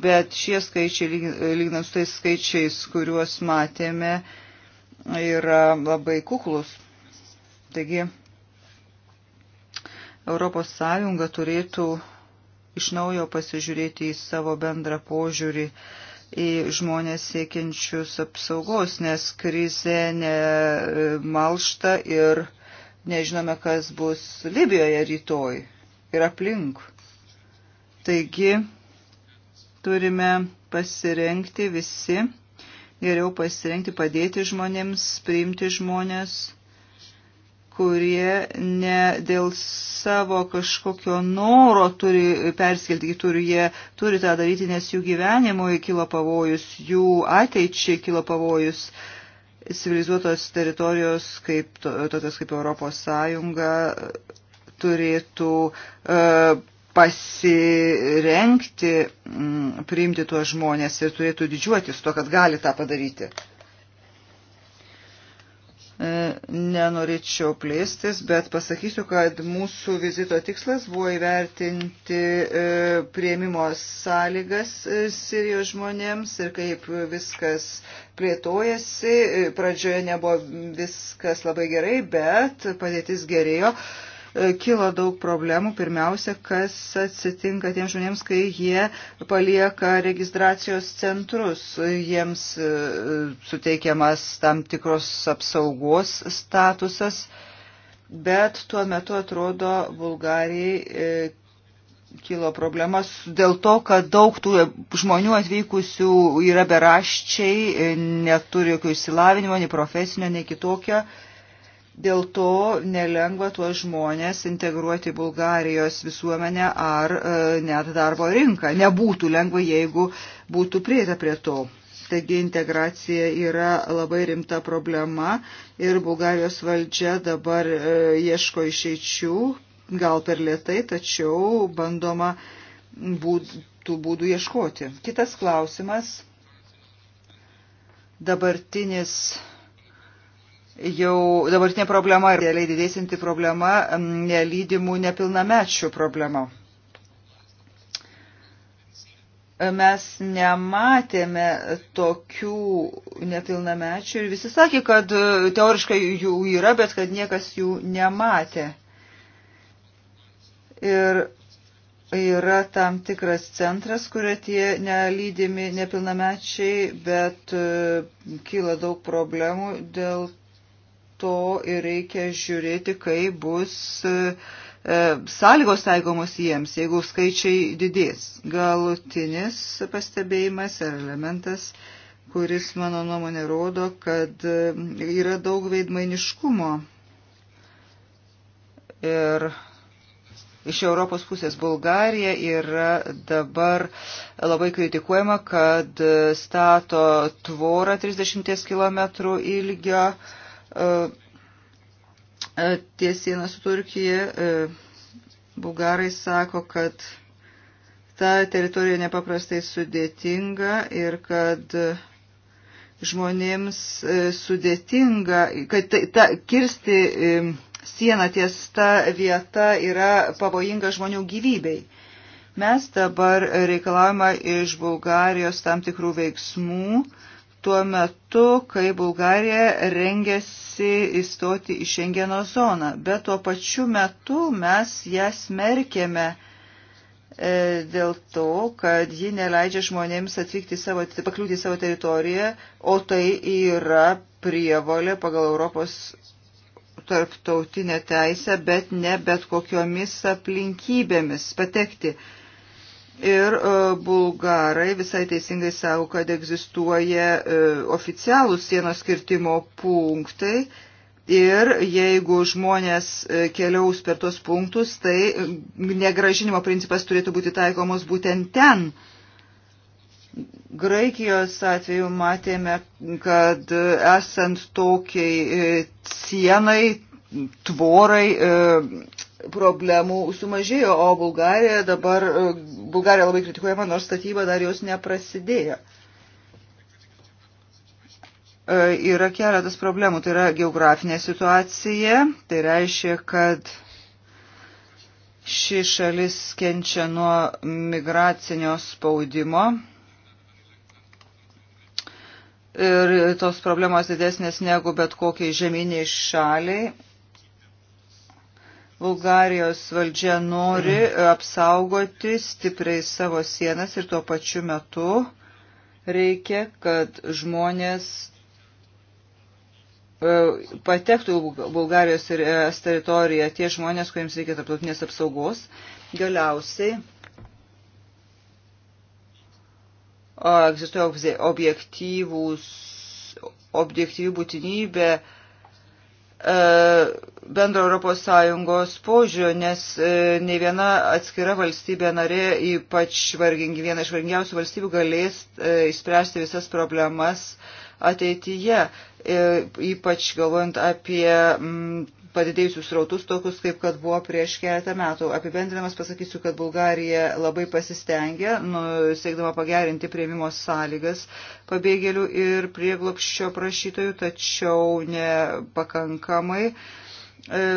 bet šie skaičiai, lyginant su tais skaičiais, kuriuos matėme, yra labai kuklus. Taigi, Europos Sąjunga turėtų iš naujo pasižiūrėti į savo bendrą požiūrį į žmonės siekiančius apsaugos, nes krize nemalšta ir nežinome, kas bus Libijoje rytoj ir aplink. Taigi turime pasirengti visi, geriau pasirengti padėti žmonėms, priimti žmonės kurie ne dėl savo kažkokio noro turi perskelti kitur, jie turi tą daryti, nes jų gyvenimui kilo pavojus, jų ateičiai kilo pavojus. Civilizuotos teritorijos, kaip, tokios kaip Europos Sąjunga, turėtų uh, e, pasirenkti, priimti tuos žmonės ir turėtų didžiuotis to, kad gali tą padaryti. E, nenorėčiau plėstis, bet pasakysiu, kad mūsų vizito tikslas buvo įvertinti e, prieimimo sąlygas e, Sirijos žmonėms ir kaip viskas plėtojasi. Pradžioje nebuvo viskas labai gerai, bet padėtis gerėjo. E, kilo daug problemų. Pirmiausia, kas atsitinka tiems žmonėms, kai jie palieka registracijos centrus. Jiems e, suteikiamas tam tikros apsaugos statusas, bet tuo metu atrodo Bulgarijai e, kilo problemas dėl to, kad daug tų žmonių atvykusių yra beraščiai, neturi jokio išsilavinimo, nei profesinio, nei kitokio. Dėl to nelengva tuos žmonės integruoti Bulgarijos visuomenę ar e, net darbo rinką. Nebūtų lengva, jeigu būtų prieita prie to. Taigi integracija yra labai rimta problema ir Bulgarijos valdžia dabar e, ieško išeičių, gal per lietai, tačiau bandoma būd, tų būdų ieškoti. Kitas klausimas. Dabartinis jau dabartinė problema ir realiai didėsinti problema nelydimų nepilnamečių problema. Mes nematėme tokių nepilnamečių ir visi sakė, kad e, teoriškai jų yra, bet kad niekas jų nematė. Ir yra tam tikras centras, kurio tie nelydimi nepilnamečiai, bet e, kyla daug problemų dėl to ir reikia žiūrėti, kaip bus e, sąlygos taikomos jiems, jeigu skaičiai didės. Galutinis pastebėjimas ar elementas, kuris mano nuomonė rodo, kad e, yra daug veidmainiškumo. Ir iš Europos pusės Bulgarija yra dabar labai kritikuojama, kad e, stato tvorą 30 km ilgio E, e, ties sieną su Turkija. E, bulgarai sako, kad ta teritorija nepaprastai sudėtinga ir kad žmonėms sudėtinga, kad ta, ta, kirsti sieną ties ta vieta yra pavojinga žmonių gyvybei. Mes dabar reikalavome iš Bulgarijos tam tikrų veiksmų, uh, tuo metu, kai Bulgarija rengėsi įstoti į Šengeno zoną. Bet tuo pačiu metu mes ją smerkėme e, dėl to, kad ji neleidžia žmonėms atvykti savo, pakliūti savo teritoriją, o tai yra prievolė pagal Europos tarptautinę teisę, bet ne bet kokiomis aplinkybėmis patekti. Ir e, bulgarai visai teisingai savo, kad egzistuoja e, oficialūs sienos skirtimo punktai. Ir jeigu žmonės e, keliaus per tos punktus, tai negražinimo principas turėtų būti taikomos būtent ten. Graikijos atveju matėme, kad esant tokiai sienai, tvorai, problemų sumažėjo, o Bulgarija dabar, e, Bulgarija labai kritikuojama, nors statyba dar jos neprasidėjo. E, yra keletas problemų, tai yra geografinė situacija, tai reiškia, kad ši šalis kenčia nuo migracinio spaudimo ir tos problemos didesnės negu bet kokiai žeminiai šaliai Bulgarijos valdžia nori apsaugoti stipriai savo sienas ir tuo pačiu metu reikia, kad žmonės e, patektų Bulgarijos ir ES teritoriją tie žmonės, kuriems reikia tarptautinės apsaugos. Galiausiai egzistuoja objektyvūs objektyvi būtinybė uh, E, bendro Europos Sąjungos požiūrio, nes e, ne viena atskira valstybė narė, ypač vargingi, viena iš vargingiausių valstybių, galės e, išspręsti visas problemas ateityje, ypač galvojant apie mm, padidėjusius rautus, tokius kaip kad buvo prieš keletą metų. Apibendrinamas pasakysiu, kad Bulgarija labai pasistengė, nu, siekdama pagerinti prieimimo sąlygas pabėgėlių ir prieglopščio prašytojų, tačiau nepakankamai. E,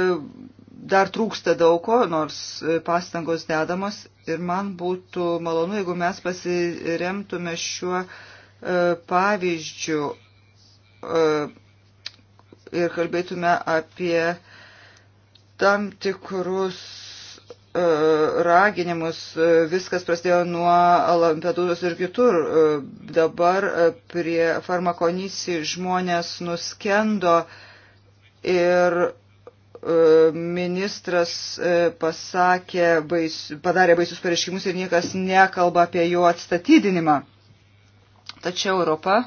dar trūksta daug ko, nors pastangos dedamos ir man būtų malonu, jeigu mes pasiremtume šiuo e, pavyzdžiu e, ir kalbėtume apie tam tikrus e, raginimus. Viskas prasidėjo nuo Lampedūzos ir kitur. E, dabar e, prie farmakonysį žmonės nuskendo ir ministras pasakė, bais, padarė baisius pareiškimus ir niekas nekalba apie jo atstatydinimą. Tačiau Europa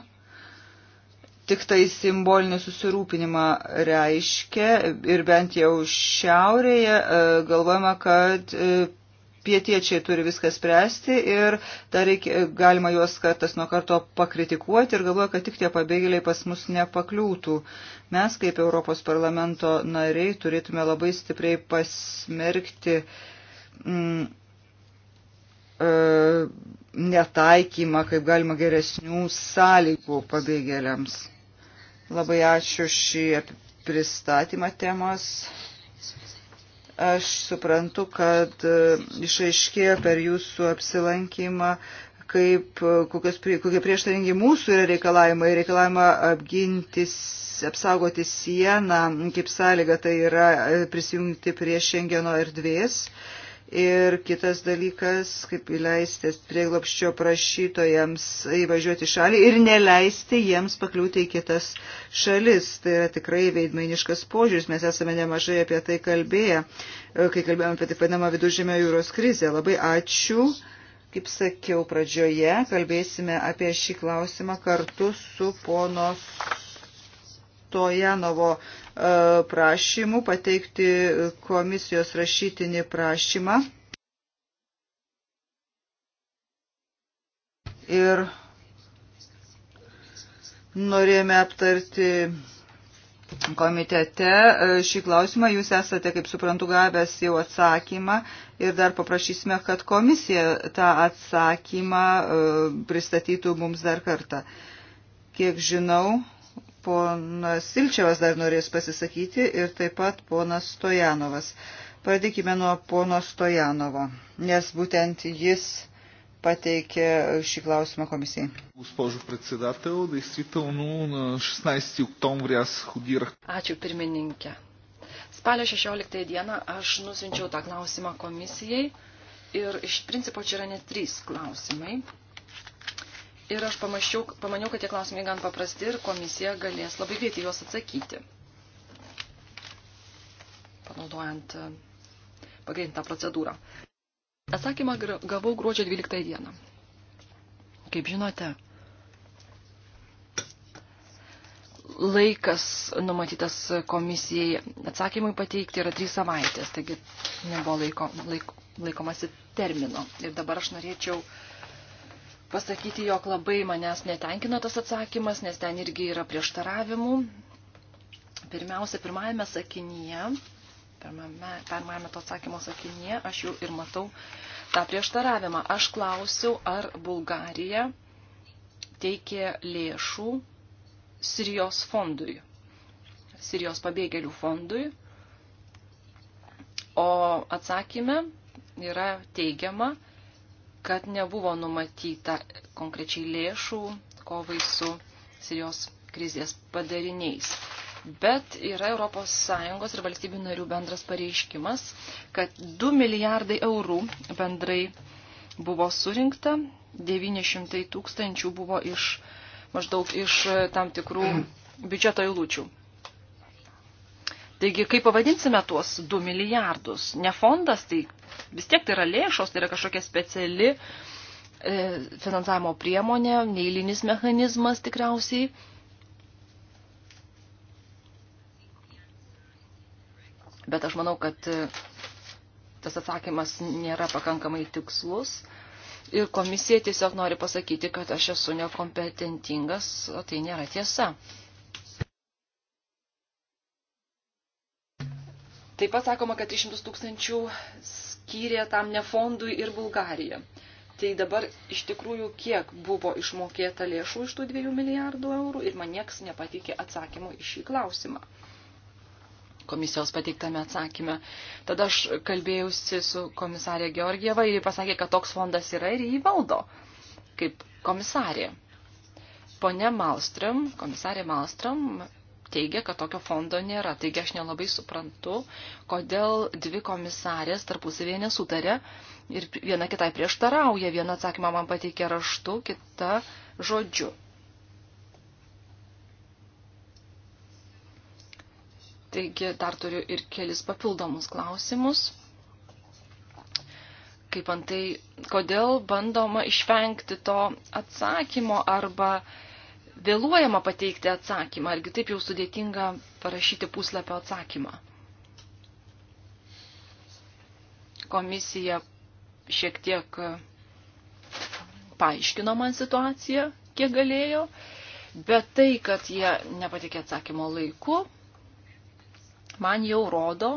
tik tai simbolinį susirūpinimą reiškia ir bent jau šiaurėje e, galvojama, kad e, pietiečiai turi viską spręsti ir dar reikia, galima juos kartas nuo karto pakritikuoti ir galvoja, kad tik tie pabėgėliai pas mus nepakliūtų. Mes kaip Europos parlamento nariai turėtume labai stipriai pasmerkti. Mm, e, netaikymą kaip galima geresnių sąlygų pabėgėliams. Labai ačiū šį pristatymą temos. Aš suprantu, kad e, išaiškėjo per jūsų apsilankymą, kaip, e, kokios, kokie prieštaringi mūsų yra reikalavimai, reikalavimą apginti, apsaugoti sieną, kaip sąlyga tai yra e, prisijungti prie Šengeno erdvės. Ir kitas dalykas, kaip įleisti prieglopščio prašytojams įvažiuoti šalį ir neleisti jiems pakliūti į kitas šalis. Tai yra tikrai veidmainiškas požiūris. Mes esame nemažai apie tai kalbėję, kai kalbėjome apie taip vadinamą viduržėmio jūros krizę. Labai ačiū. Kaip sakiau pradžioje, kalbėsime apie šį klausimą kartu su ponos Stojanovo e, prašymų pateikti komisijos rašytinį prašymą. Ir norėjome aptarti komitete e, šį klausimą. Jūs esate, kaip suprantu, gavęs jau atsakymą ir dar paprašysime, kad komisija tą atsakymą e, pristatytų mums dar kartą. Kiek žinau, ponas Silčiavas dar norės pasisakyti ir taip pat ponas Stojanovas. Pradėkime nuo pono Stojanovo, nes būtent jis pateikė šį klausimą komisijai. Ačiū pirmininkė. Spalio 16 dieną aš nusinčiau tą klausimą komisijai ir iš principo čia yra net trys klausimai Ir aš pamaščiau, pamaniau, kad tie klausimai gan paprasti ir komisija galės labai greitai juos atsakyti, panaudojant e, pagreitintą procedūrą. Atsakymą gavau gruodžio 12 dieną. Kaip žinote, laikas numatytas komisijai atsakymui pateikti yra 3 savaitės, taigi nebuvo laiko, laik, laikomasi termino. Ir dabar aš norėčiau uh, pasakyti, jog labai manęs netenkina tas atsakymas, nes ten irgi yra prieštaravimų. Pirmiausia, pirmajame sakinyje, pirmame, pirmajame to atsakymo sakinyje, aš jau ir matau tą prieštaravimą. Aš klausiau, ar Bulgarija teikė lėšų Sirijos fondui, Sirijos pabėgėlių fondui, o atsakyme yra teigiama, kad nebuvo numatyta konkrečiai lėšų kovai su Sirijos krizės padariniais. Bet yra ES ir valstybių narių bendras pareiškimas, kad 2 milijardai eurų bendrai buvo surinkta, 900 tūkstančių buvo iš maždaug iš tam tikrų biudžeto eilučių. Taigi, kaip pavadinsime tuos 2 milijardus? Ne fondas, tai vis tiek tai yra lėšos, tai yra kažkokia speciali e, finansavimo priemonė, neįlinis mechanizmas tikriausiai. Bet aš manau, kad e, tas atsakymas nėra pakankamai tikslus. Ir komisija tiesiog nori pasakyti, kad aš esu nekompetentingas, o tai nėra tiesa. Taip pat sakoma, kad 300 tūkstančių skyrė tam ne fondui ir Bulgarija. Tai dabar iš tikrųjų kiek buvo išmokėta lėšų iš tų 2 milijardų eurų ir man nieks nepatikė atsakymų į šį klausimą. Komisijos pateiktame atsakyme. Tada aš kalbėjausi su komisarė Georgieva ir pasakė, kad toks fondas yra ir jį valdo kaip komisarė. Pone Malstrom, komisarė Malstrom, teigia, kad tokio fondo nėra. Taigi aš nelabai suprantu, kodėl dvi komisarės tarpusavėje nesutarė ir viena kitai prieštarauja. Viena atsakymą man pateikė raštu, kita žodžiu. Taigi dar turiu ir kelis papildomus klausimus. Kaip antai, kodėl bandoma išvengti to atsakymo arba uh, vėluojama pateikti atsakymą, argi taip jau sudėtinga parašyti puslapio atsakymą. Komisija šiek tiek paaiškino man situaciją, kiek galėjo, bet tai, kad jie nepatikė atsakymo laiku, man jau rodo,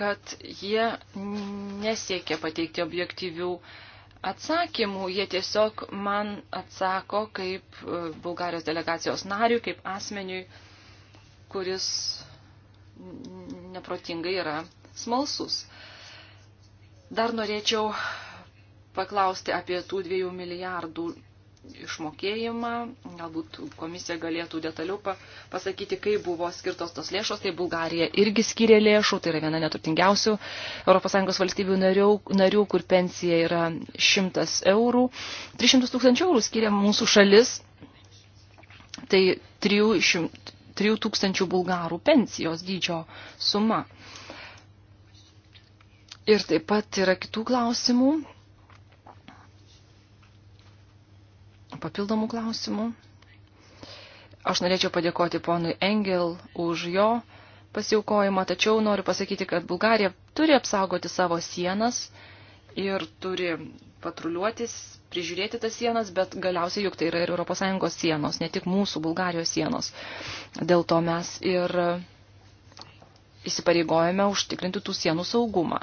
kad jie nesiekia pateikti objektyvių uh, atsakymų, jie tiesiog man atsako kaip e, Bulgarijos delegacijos nariui, kaip asmeniui, kuris neprotingai yra smalsus. Dar norėčiau paklausti apie tų dviejų milijardų išmokėjimą. Galbūt komisija galėtų detaliau pasakyti, kaip buvo skirtos tos lėšos. Tai Bulgarija irgi skiria lėšų, tai yra viena neturtingiausių ES valstybių narių, narių, kur pensija yra 100 eurų. 300 tūkstančių eurų skiria mūsų šalis, tai 300, 3 tūkstančių bulgarų pensijos dydžio suma. Ir taip pat yra kitų klausimų papildomų klausimų. Aš norėčiau padėkoti ponui Engel už jo pasiaukojimą, tačiau noriu pasakyti, kad Bulgarija turi apsaugoti savo sienas ir turi patruliuotis, prižiūrėti tas sienas, bet galiausiai juk tai yra ir ES sienos, ne tik mūsų Bulgarijos sienos. Dėl to mes ir įsipareigojame užtikrinti tų sienų saugumą.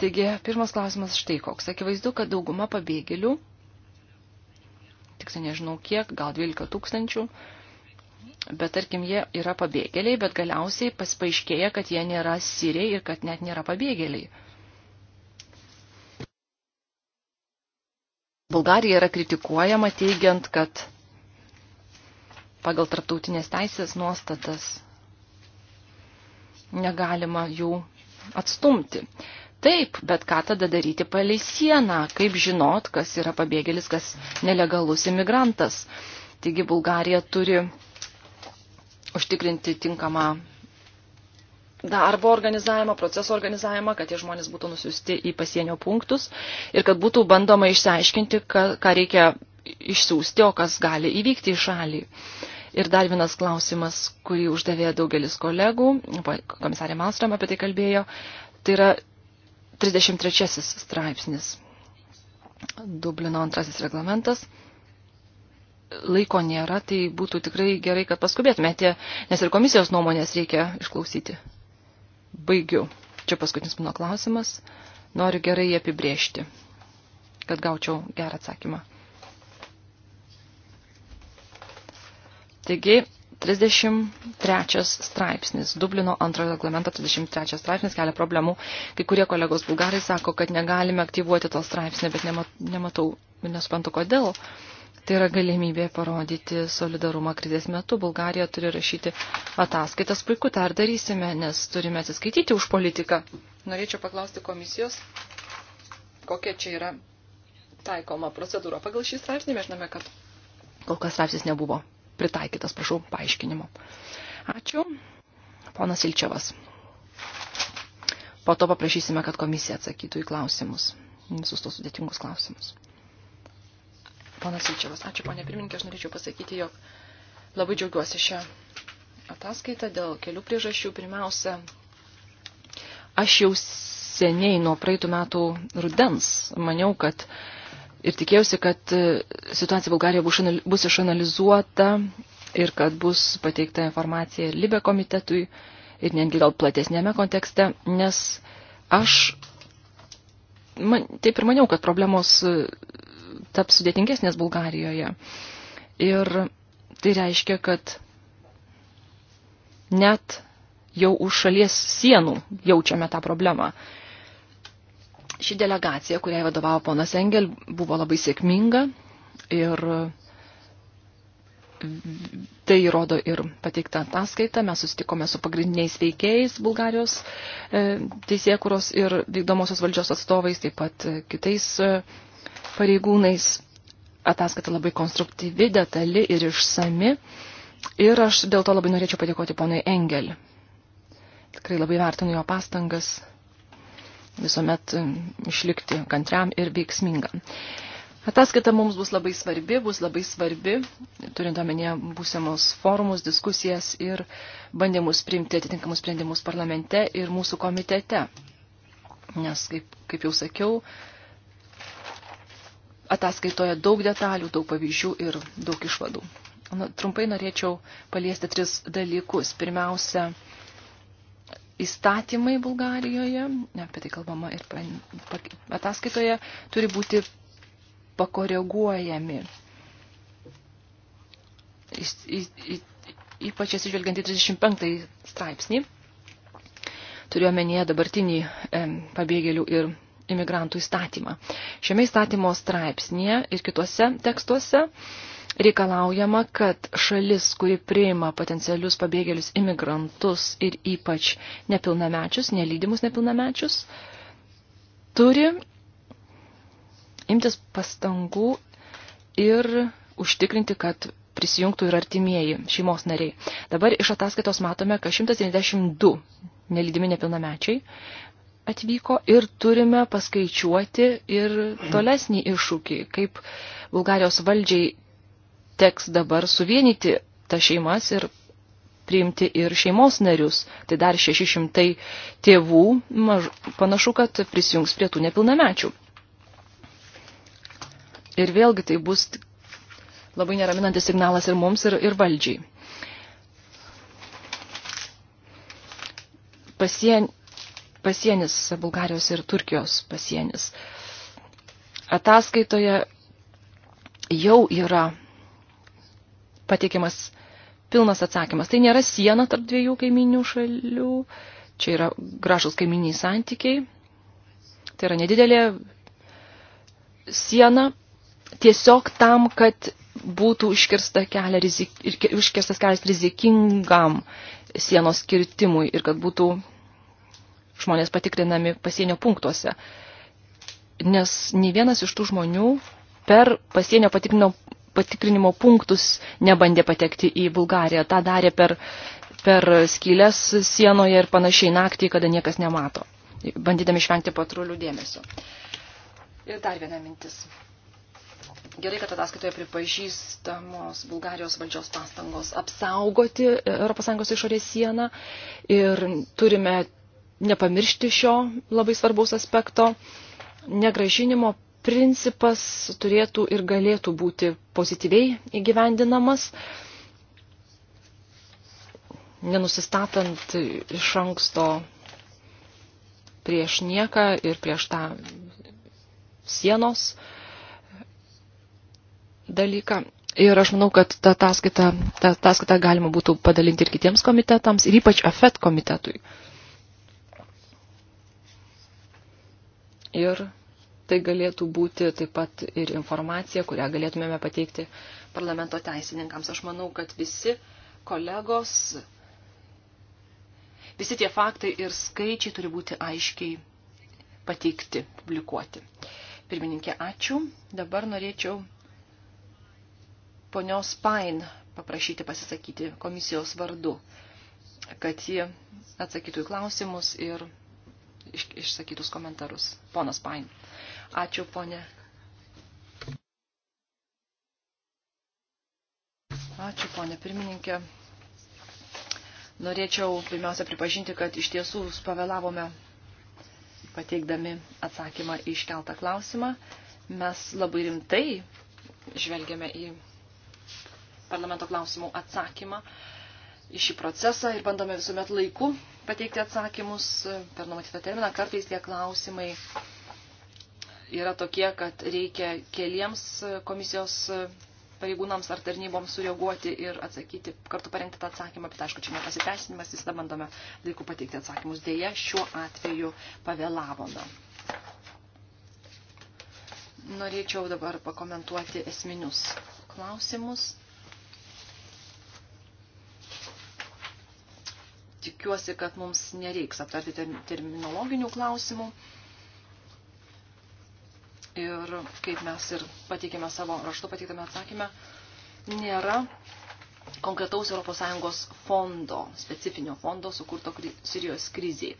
Taigi, pirmas klausimas štai koks. Akivaizdu, kad dauguma pabėgėlių tiksliai nežinau kiek, gal 12 tūkstančių, bet tarkim, jie yra pabėgėliai, bet galiausiai paaiškėja, kad jie nėra siriai ir kad net nėra pabėgėliai. Bulgarija yra kritikuojama teigiant, kad pagal tarptautinės teisės nuostatas negalima jų atstumti. Taip, bet ką tada daryti palei sieną, kaip žinot, kas yra pabėgėlis, kas nelegalus imigrantas. Taigi Bulgarija turi užtikrinti tinkamą darbo organizavimą, proceso organizavimą, kad tie žmonės būtų nusiusti į pasienio punktus ir kad būtų bandoma išsiaiškinti, ką, ką reikia išsiųsti, o kas gali įvykti į šalį. Ir dar vienas klausimas, kurį uždavė daugelis kolegų, komisarė Malstrom apie tai kalbėjo, tai yra 33 straipsnis. Dublino antrasis reglamentas. Laiko nėra, tai būtų tikrai gerai, kad paskubėtumėte, nes ir komisijos nuomonės reikia išklausyti. Baigiu. Čia paskutinis mano klausimas. Noriu gerai jį apibriežti, kad gaučiau gerą atsakymą. Taigi, 33 straipsnis, Dublino antrojo reglamento 33 straipsnis kelia problemų. Kai kurie kolegos bulgarai sako, kad negalime aktyvuoti to straipsnio, bet nematau, nesuprantu kodėl. Tai yra galimybė parodyti solidarumą krizės metu. Bulgarija turi rašyti ataskaitas. Puiku, tą ar darysime, nes turime atsiskaityti už politiką. Norėčiau paklausti komisijos, kokia čia yra taikoma procedūra. Pagal šį straipsnį mes žinome, kad kol kas straipsnis nebuvo pritaikytas, prašau, paaiškinimo. Ačiū. Ponas Ilčiavas. Po to paprašysime, kad komisija atsakytų į klausimus, visus tos sudėtingus klausimus. Ponas Ilčiavas, ačiū, ponė pirmininkė, aš norėčiau pasakyti, jog labai džiaugiuosi šią ataskaitą dėl kelių priežasčių. Pirmiausia, aš jau seniai nuo praeitų metų rudens maniau, kad uh, ir tikėjausi, kad e, situacija Bulgarijoje bus išanalizuota ir kad bus pateikta informacija ir Libe komitetui ir netgi gal platesnėme kontekste, nes aš man, taip ir maniau, kad problemos e, taps sudėtingesnės Bulgarijoje. Ir tai reiškia, kad net jau už šalies sienų jaučiame tą problemą. Ši delegacija, kuriai vadovavo ponas Engel, buvo labai sėkminga ir tai rodo ir pateikta ataskaita. Mes susitikome su pagrindiniais veikėjais Bulgarijos e, teisėkuros ir vykdomosios valdžios atstovais, taip pat kitais e, pareigūnais. Ataskaita labai konstruktyvi, detali ir išsami. Ir aš dėl to labai norėčiau padėkoti ponui Engel. Tikrai labai vertinu jo pastangas visuomet mm, išlikti kantriam ir veiksmingam. Ataskaita mums bus labai svarbi, bus labai svarbi, turint omenyje būsimus forumus, diskusijas ir bandymus priimti atitinkamus sprendimus parlamente ir mūsų komitete. Nes, kaip, kaip jau sakiau, ataskaitoje daug detalių, daug pavyzdžių ir daug išvadų. Na, trumpai norėčiau paliesti tris dalykus. Pirmiausia, įstatymai Bulgarijoje, apie tai kalbama ir ataskaitoje, turi būti pakoreguojami. Ypač atsižvelgiant į 35 straipsnį, turiuomenėje dabartinį pabėgėlių ir imigrantų įstatymą. Šiame įstatymo straipsnėje ir kituose tekstuose reikalaujama, kad šalis, kuri priima potencialius pabėgėlius imigrantus ir ypač nepilnamečius, nelydimus nepilnamečius, turi imtis pastangų ir užtikrinti, kad prisijungtų ir artimieji šeimos nariai. Dabar iš ataskaitos matome, kad 192 nelydimi nepilnamečiai atvyko ir turime paskaičiuoti ir tolesnį iššūkį, kaip Bulgarijos valdžiai teks dabar suvienyti tas šeimas ir priimti ir šeimos narius. Tai dar 600 tėvų maž, panašu, kad prisijungs prie tų nepilnamečių. Ir vėlgi tai bus labai neraminantis signalas ir mums, ir, ir valdžiai. Pasien, pasienis Bulgarijos ir Turkijos pasienis. Ataskaitoje jau yra pateikiamas pilnas atsakymas. Tai nėra siena tarp dviejų kaiminių šalių, čia yra gražus kaiminiai santykiai, tai yra nedidelė siena tiesiog tam, kad būtų užkirsta kelia, rizik, užkirstas kelias rizikingam sienos kirtimui ir kad būtų žmonės patikrinami pasienio punktuose. Nes nei vienas iš tų žmonių per pasienio patikrinimo patikrinimo punktus nebandė patekti į Bulgariją. Ta darė per, per skylės sienoje ir panašiai naktį, kada niekas nemato, bandydami išvengti patrulių dėmesio. Ir dar viena mintis. Gerai, kad ataskaitoje pripažįstamos Bulgarijos valdžios pastangos apsaugoti ES išorės sieną ir turime nepamiršti šio labai svarbaus aspekto negražinimo principas turėtų ir galėtų būti pozityviai įgyvendinamas, nenusistatant iš anksto prieš nieką ir prieš tą sienos dalyką. Ir aš manau, kad tą ataskaitą, tą ataskaitą galima būtų padalinti ir kitiems komitetams, ir ypač AFET komitetui. Ir Tai galėtų būti taip pat ir informacija, kurią galėtumėme pateikti parlamento teisininkams. Aš manau, kad visi kolegos, visi tie faktai ir skaičiai turi būti aiškiai pateikti, publikuoti. Pirmininkė, ačiū. Dabar norėčiau ponios Pain paprašyti pasisakyti komisijos vardu, kad ji atsakytų į klausimus ir išsakytus komentarus. Ponas Pain. Ačiū, ponė. Ačiū, ponė pirmininkė. Norėčiau pirmiausia pripažinti, kad iš tiesų pavėlavome pateikdami atsakymą į iškeltą klausimą. Mes labai rimtai žvelgiame į parlamento klausimų atsakymą, į šį procesą ir bandome visuomet laiku pateikti atsakymus per numatytą terminą. Kartais tie klausimai yra tokie, kad reikia keliems komisijos pareigūnams ar tarnyboms sureaguoti ir atsakyti, kartu parengti tą atsakymą, bet aišku, čia nepasiteisinimas, visada bandome laiku pateikti atsakymus. Deja, šiuo atveju pavėlavome. Norėčiau dabar pakomentuoti esminius klausimus. Tikiuosi, kad mums nereiks aptarti terminologinių klausimų ir kaip mes ir pateikėme savo raštu, pateiktame atsakymę, nėra konkretaus ES fondo, specifinio fondo sukurto kri Sirijos kriziai.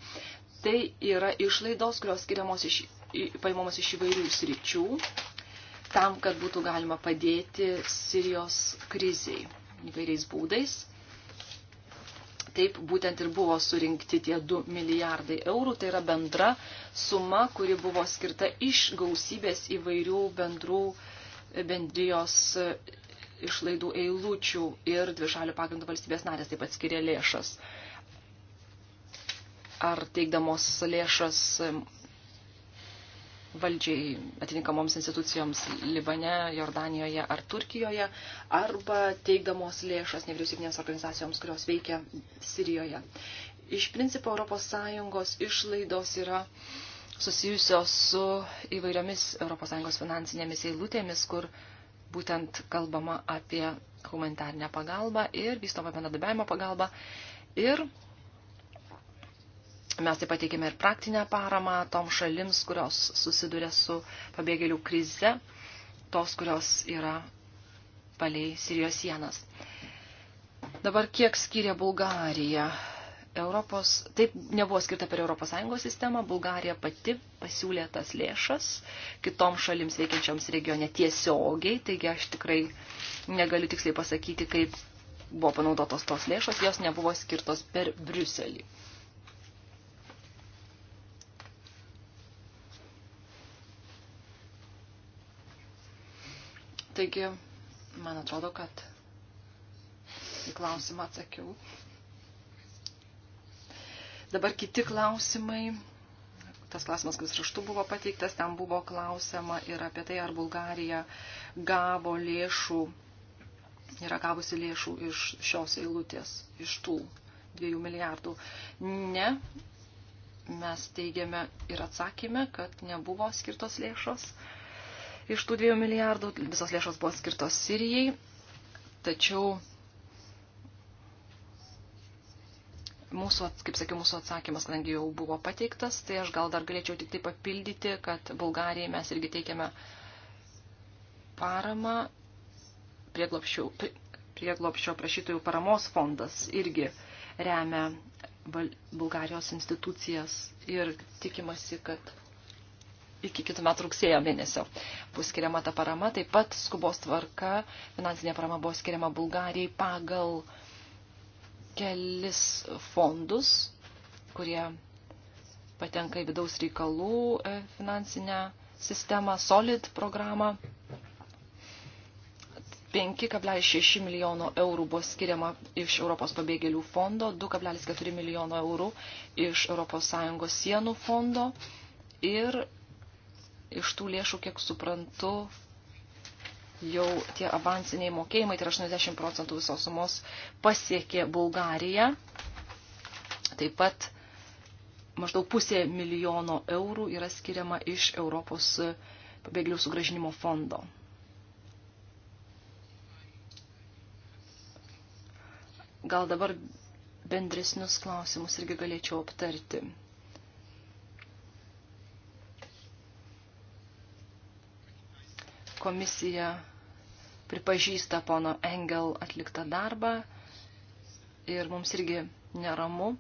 Tai yra išlaidos, kurios skiriamos iš, paimamos iš įvairių sričių, tam, kad būtų galima padėti Sirijos kriziai įvairiais būdais. Taip būtent ir buvo surinkti tie 2 milijardai eurų, tai yra bendra suma, kuri buvo skirta iš gausybės įvairių bendrų e, bendrijos e, išlaidų eilučių ir dvišalių pagrindų valstybės narės taip pat skiria lėšas. Ar teikdamos lėšas valdžiai atitinkamoms institucijoms Libane, Jordanijoje ar Turkijoje, arba teikdamos lėšas nevyriausybinėms organizacijoms, kurios veikia Sirijoje. Iš principo ES išlaidos yra susijusios su įvairiomis ES finansinėmis eilutėmis, kur būtent kalbama apie humanitarnę pagalbą ir vystomą bendradarbiavimo pagalbą. Ir Mes taip pat teikėme ir praktinę paramą tom šalims, kurios susiduria su pabėgėlių krize, tos, kurios yra palei Sirijos sienas. Dabar kiek skiria Bulgarija? Europos, taip nebuvo skirta per ES sistemą, Bulgarija pati pasiūlė tas lėšas kitom šalims veikiančioms regione tiesiogiai, taigi aš tikrai negaliu tiksliai pasakyti, kaip buvo panaudotos tos lėšos, jos nebuvo skirtos per Briuselį. Taigi, man atrodo, kad į klausimą atsakiau. Dabar kiti klausimai. Tas klausimas, kuris raštu buvo pateiktas, ten buvo klausima ir apie tai, ar Bulgarija gavo lėšų, yra gavusi lėšų iš šios eilutės, iš tų dviejų milijardų. Ne, mes teigiame ir atsakėme, kad nebuvo skirtos lėšos. Uh, iš tų 2 milijardų, visos lėšos buvo skirtos Sirijai, tačiau mūsų, kaip sakiau, mūsų atsakymas, kadangi jau buvo pateiktas, tai aš gal dar galėčiau tik tai papildyti, kad Bulgarijai mes irgi teikiame paramą prieglopščių, prieglopščio prašytojų paramos fondas irgi remia Bulgarijos institucijas ir tikimasi, kad iki kitų metų rugsėjo mėnesio bus skiriama ta parama. Taip pat skubos tvarka finansinė parama buvo skiriama Bulgarijai pagal kelis fondus, kurie patenka į vidaus reikalų e, finansinę sistemą, SOLID programą. 5,6 milijono eurų buvo skiriama iš Europos pabėgėlių fondo, 2,4 milijono eurų iš ES sienų fondo ir iš tų lėšų, kiek suprantu, jau tie avansiniai mokėjimai, tai 80 procentų visos sumos pasiekė Bulgariją. Taip pat maždaug pusė milijono eurų yra skiriama iš Europos pabėgėlių sugražinimo fondo. Gal dabar bendresnius klausimus irgi galėčiau aptarti. komisija pripažįsta pono Engel atliktą darbą ir mums irgi neramu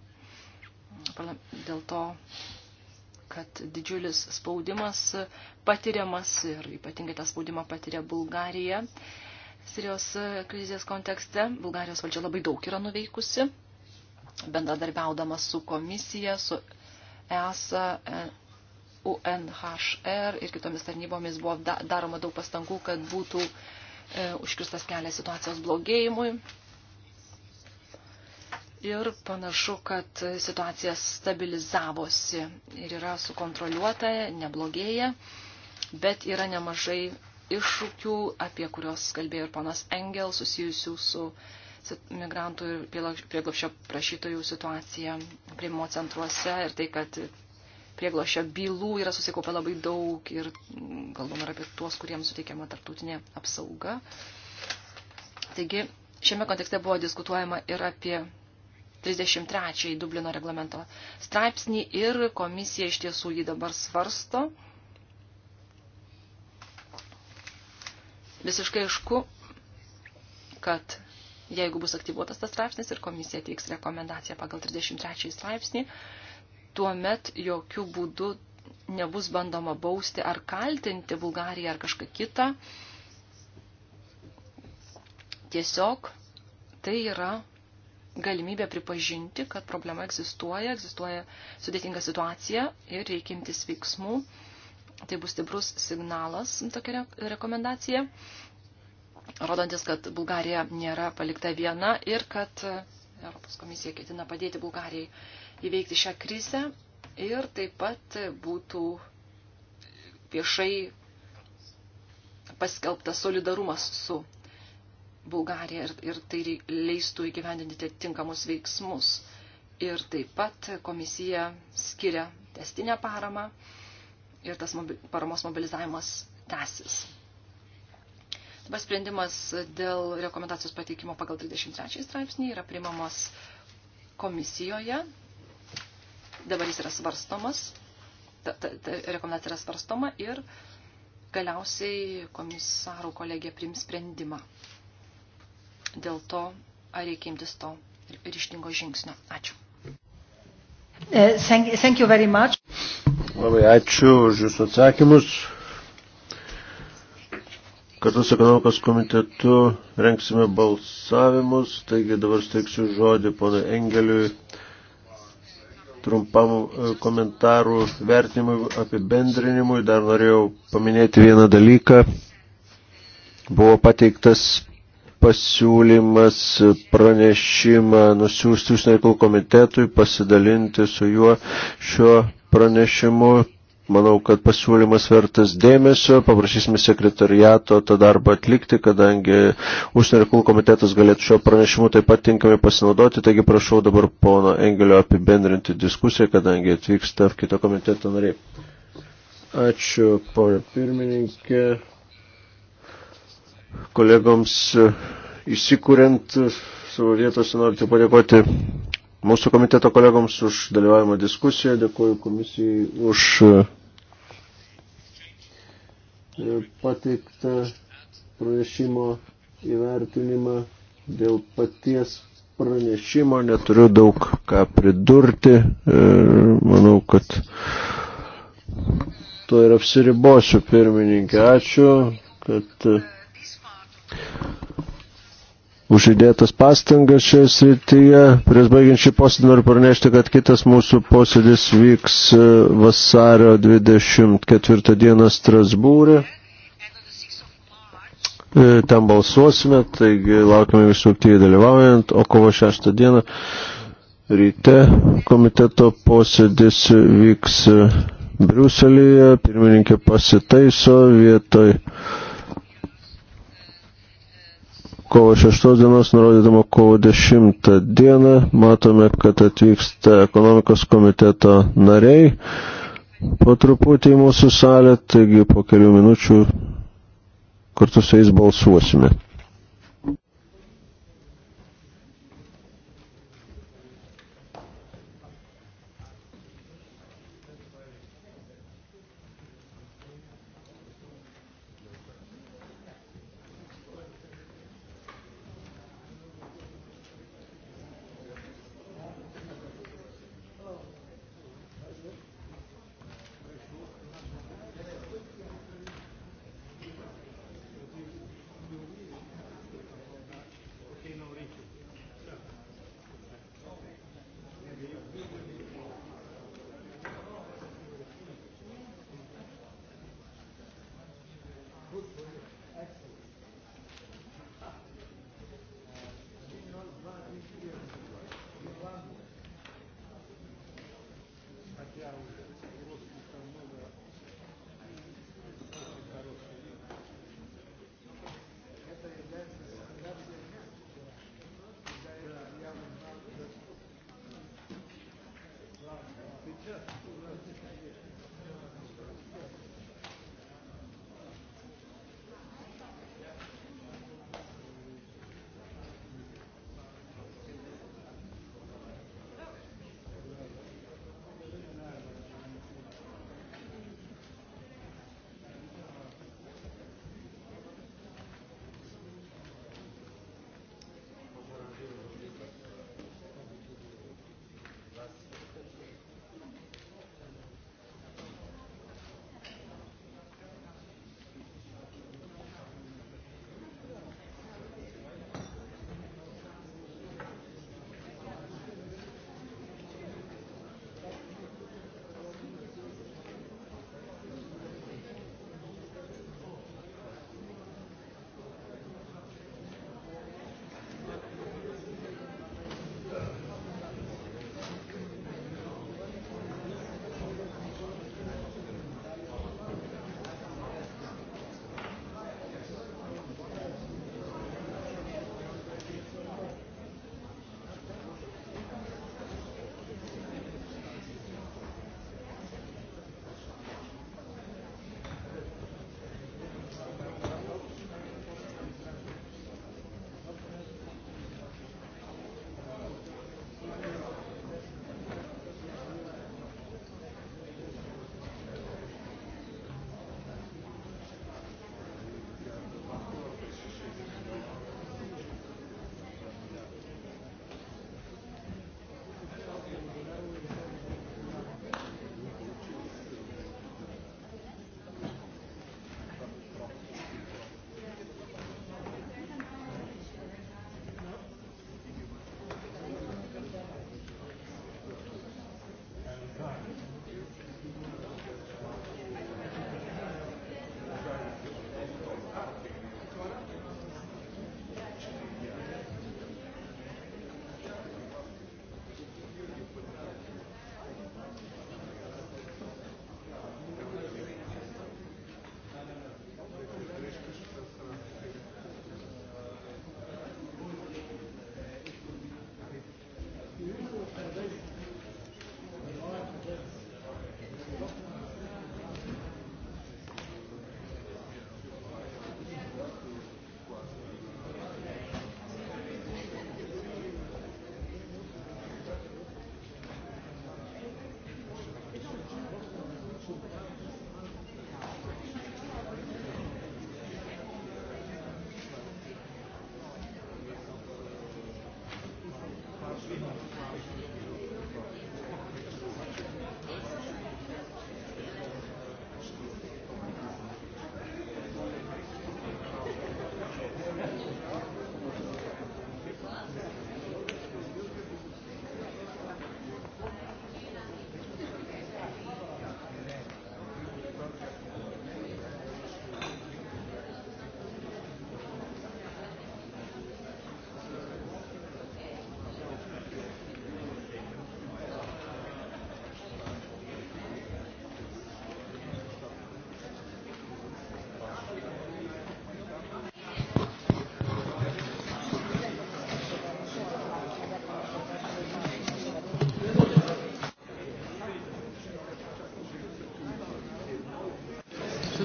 dėl to, kad didžiulis spaudimas patiriamas ir ypatingai tą spaudimą patiria Bulgarija. Sirijos krizės kontekste Bulgarijos valdžia labai daug yra nuveikusi, bendradarbiaudama su komisija, su ESA, UNHR ir kitomis tarnybomis buvo daroma daug pastangų, kad būtų e, užkirstas kelias situacijos blogėjimui. Ir panašu, kad situacija stabilizavosi ir yra sukontroliuota, neblogėja, bet yra nemažai iššūkių, apie kuriuos kalbėjo ir ponas Engel, susijusių su migrantų ir prieglapščio prašytojų situacija prieimimo centruose ir tai, kad prieglošio bylų yra susikaupę labai daug ir mm, galvom ir apie tuos, kuriems suteikiama tartutinė apsauga. Taigi, šiame kontekste buvo diskutuojama ir apie 33 Dublino reglamento straipsnį ir komisija iš tiesų jį dabar svarsto. Visiškai aišku, kad jeigu bus aktyvuotas tas straipsnis ir komisija teiks rekomendaciją pagal 33 straipsnį, tuo met jokių būdų nebus bandoma bausti ar kaltinti Bulgariją ar kažką kitą. Tiesiog tai yra galimybė pripažinti, kad problema egzistuoja, egzistuoja sudėtinga situacija ir reikia imtis veiksmų. Tai bus stiprus signalas, tokia rekomendacija, rodantis, kad Bulgarija nėra palikta viena ir kad Europos komisija ketina padėti Bulgarijai įveikti šią krizę ir taip pat būtų viešai paskelbtas solidarumas su Bulgarija ir, ir tai leistų įgyvendinti tinkamus veiksmus. Ir taip pat komisija skiria testinę paramą ir tas mobi paramos mobilizavimas tęsis. Dabar sprendimas dėl rekomendacijos pateikimo pagal 33 straipsnį yra primamas komisijoje Dabar jis yra svarstomas, ta, ta, ta rekomendacija yra svarstoma ir galiausiai komisarų kolegija prims sprendimą. Dėl to, ar reikia imtis to ryštingo žingsnio. Ačiū. Eh, thank, thank you very much. Labai ačiū už Jūsų atsakymus. Kartu su ekonomikos komitetu renksime balsavimus, taigi dabar steiksiu žodį ponui Engeliui trumpam e, komentarų vertinimui, apibendrinimui. Dar norėjau paminėti vieną dalyką. Buvo pateiktas pasiūlymas e, pranešimą nusiųsti užsienio reikalų komitetui, pasidalinti su juo šiuo pranešimu. Manau, kad pasiūlymas vertas dėmesio, paprašysime sekretariato tą darbą atlikti, kadangi užsienio reikalų komitetas galėtų šio pranešimu taip pat tinkamai pasinaudoti, taigi prašau dabar pono Engelio apibendrinti diskusiją, kadangi atvyksta kito komiteto nariai. Ačiū, ponė pirmininkė. Kolegoms e, įsikūrent savo vietose noriu padėkoti mūsų komiteto kolegoms už dalyvavimą diskusiją, dėkuoju komisijai už e, pateiktą pranešimo įvertinimą dėl paties pranešimo. Neturiu daug ką pridurti. Manau, kad to ir apsiribosiu pirmininkė. Ačiū, kad už įdėtas pastangas šioje srityje. Prieš baigiant šį posėdį noriu pranešti, kad kitas mūsų posėdis vyks e, vasario 24 dieną Strasbūrė. E, ten balsuosime, taigi laukime visų aktyviai dalyvaujant, o kovo 6 dieną ryte komiteto posėdis vyks e, Briuselėje, pirmininkė pasitaiso vietoj kovo 6 dienos, nurodydama kovo 10 dieną. Matome, kad atvyksta ekonomikos komiteto nariai po truputį į mūsų salę, taigi po kelių minučių kartu su jais balsuosime.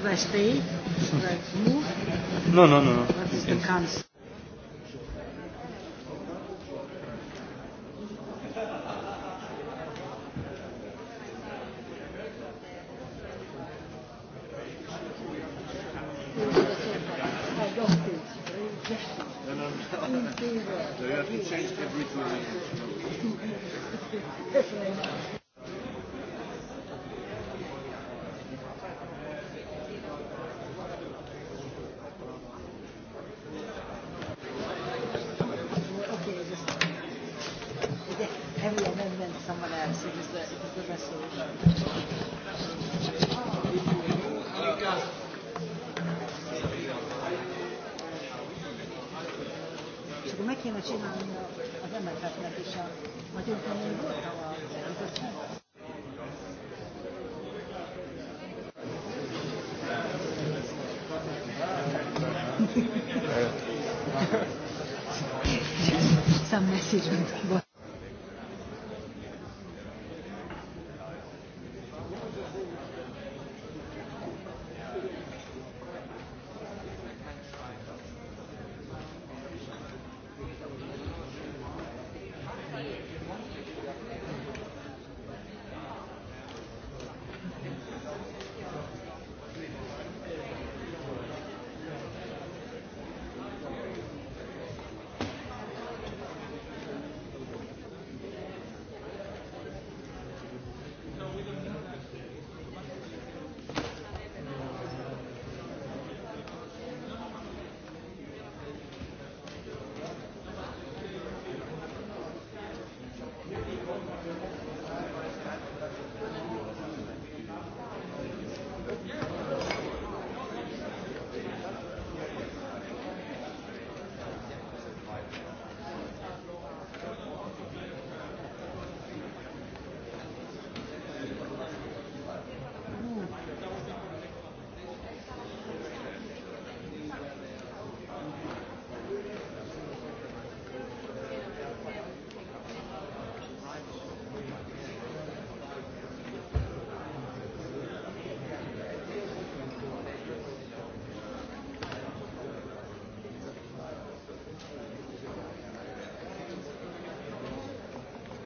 should I stay? Should I move? No, no, no. no. What is the council?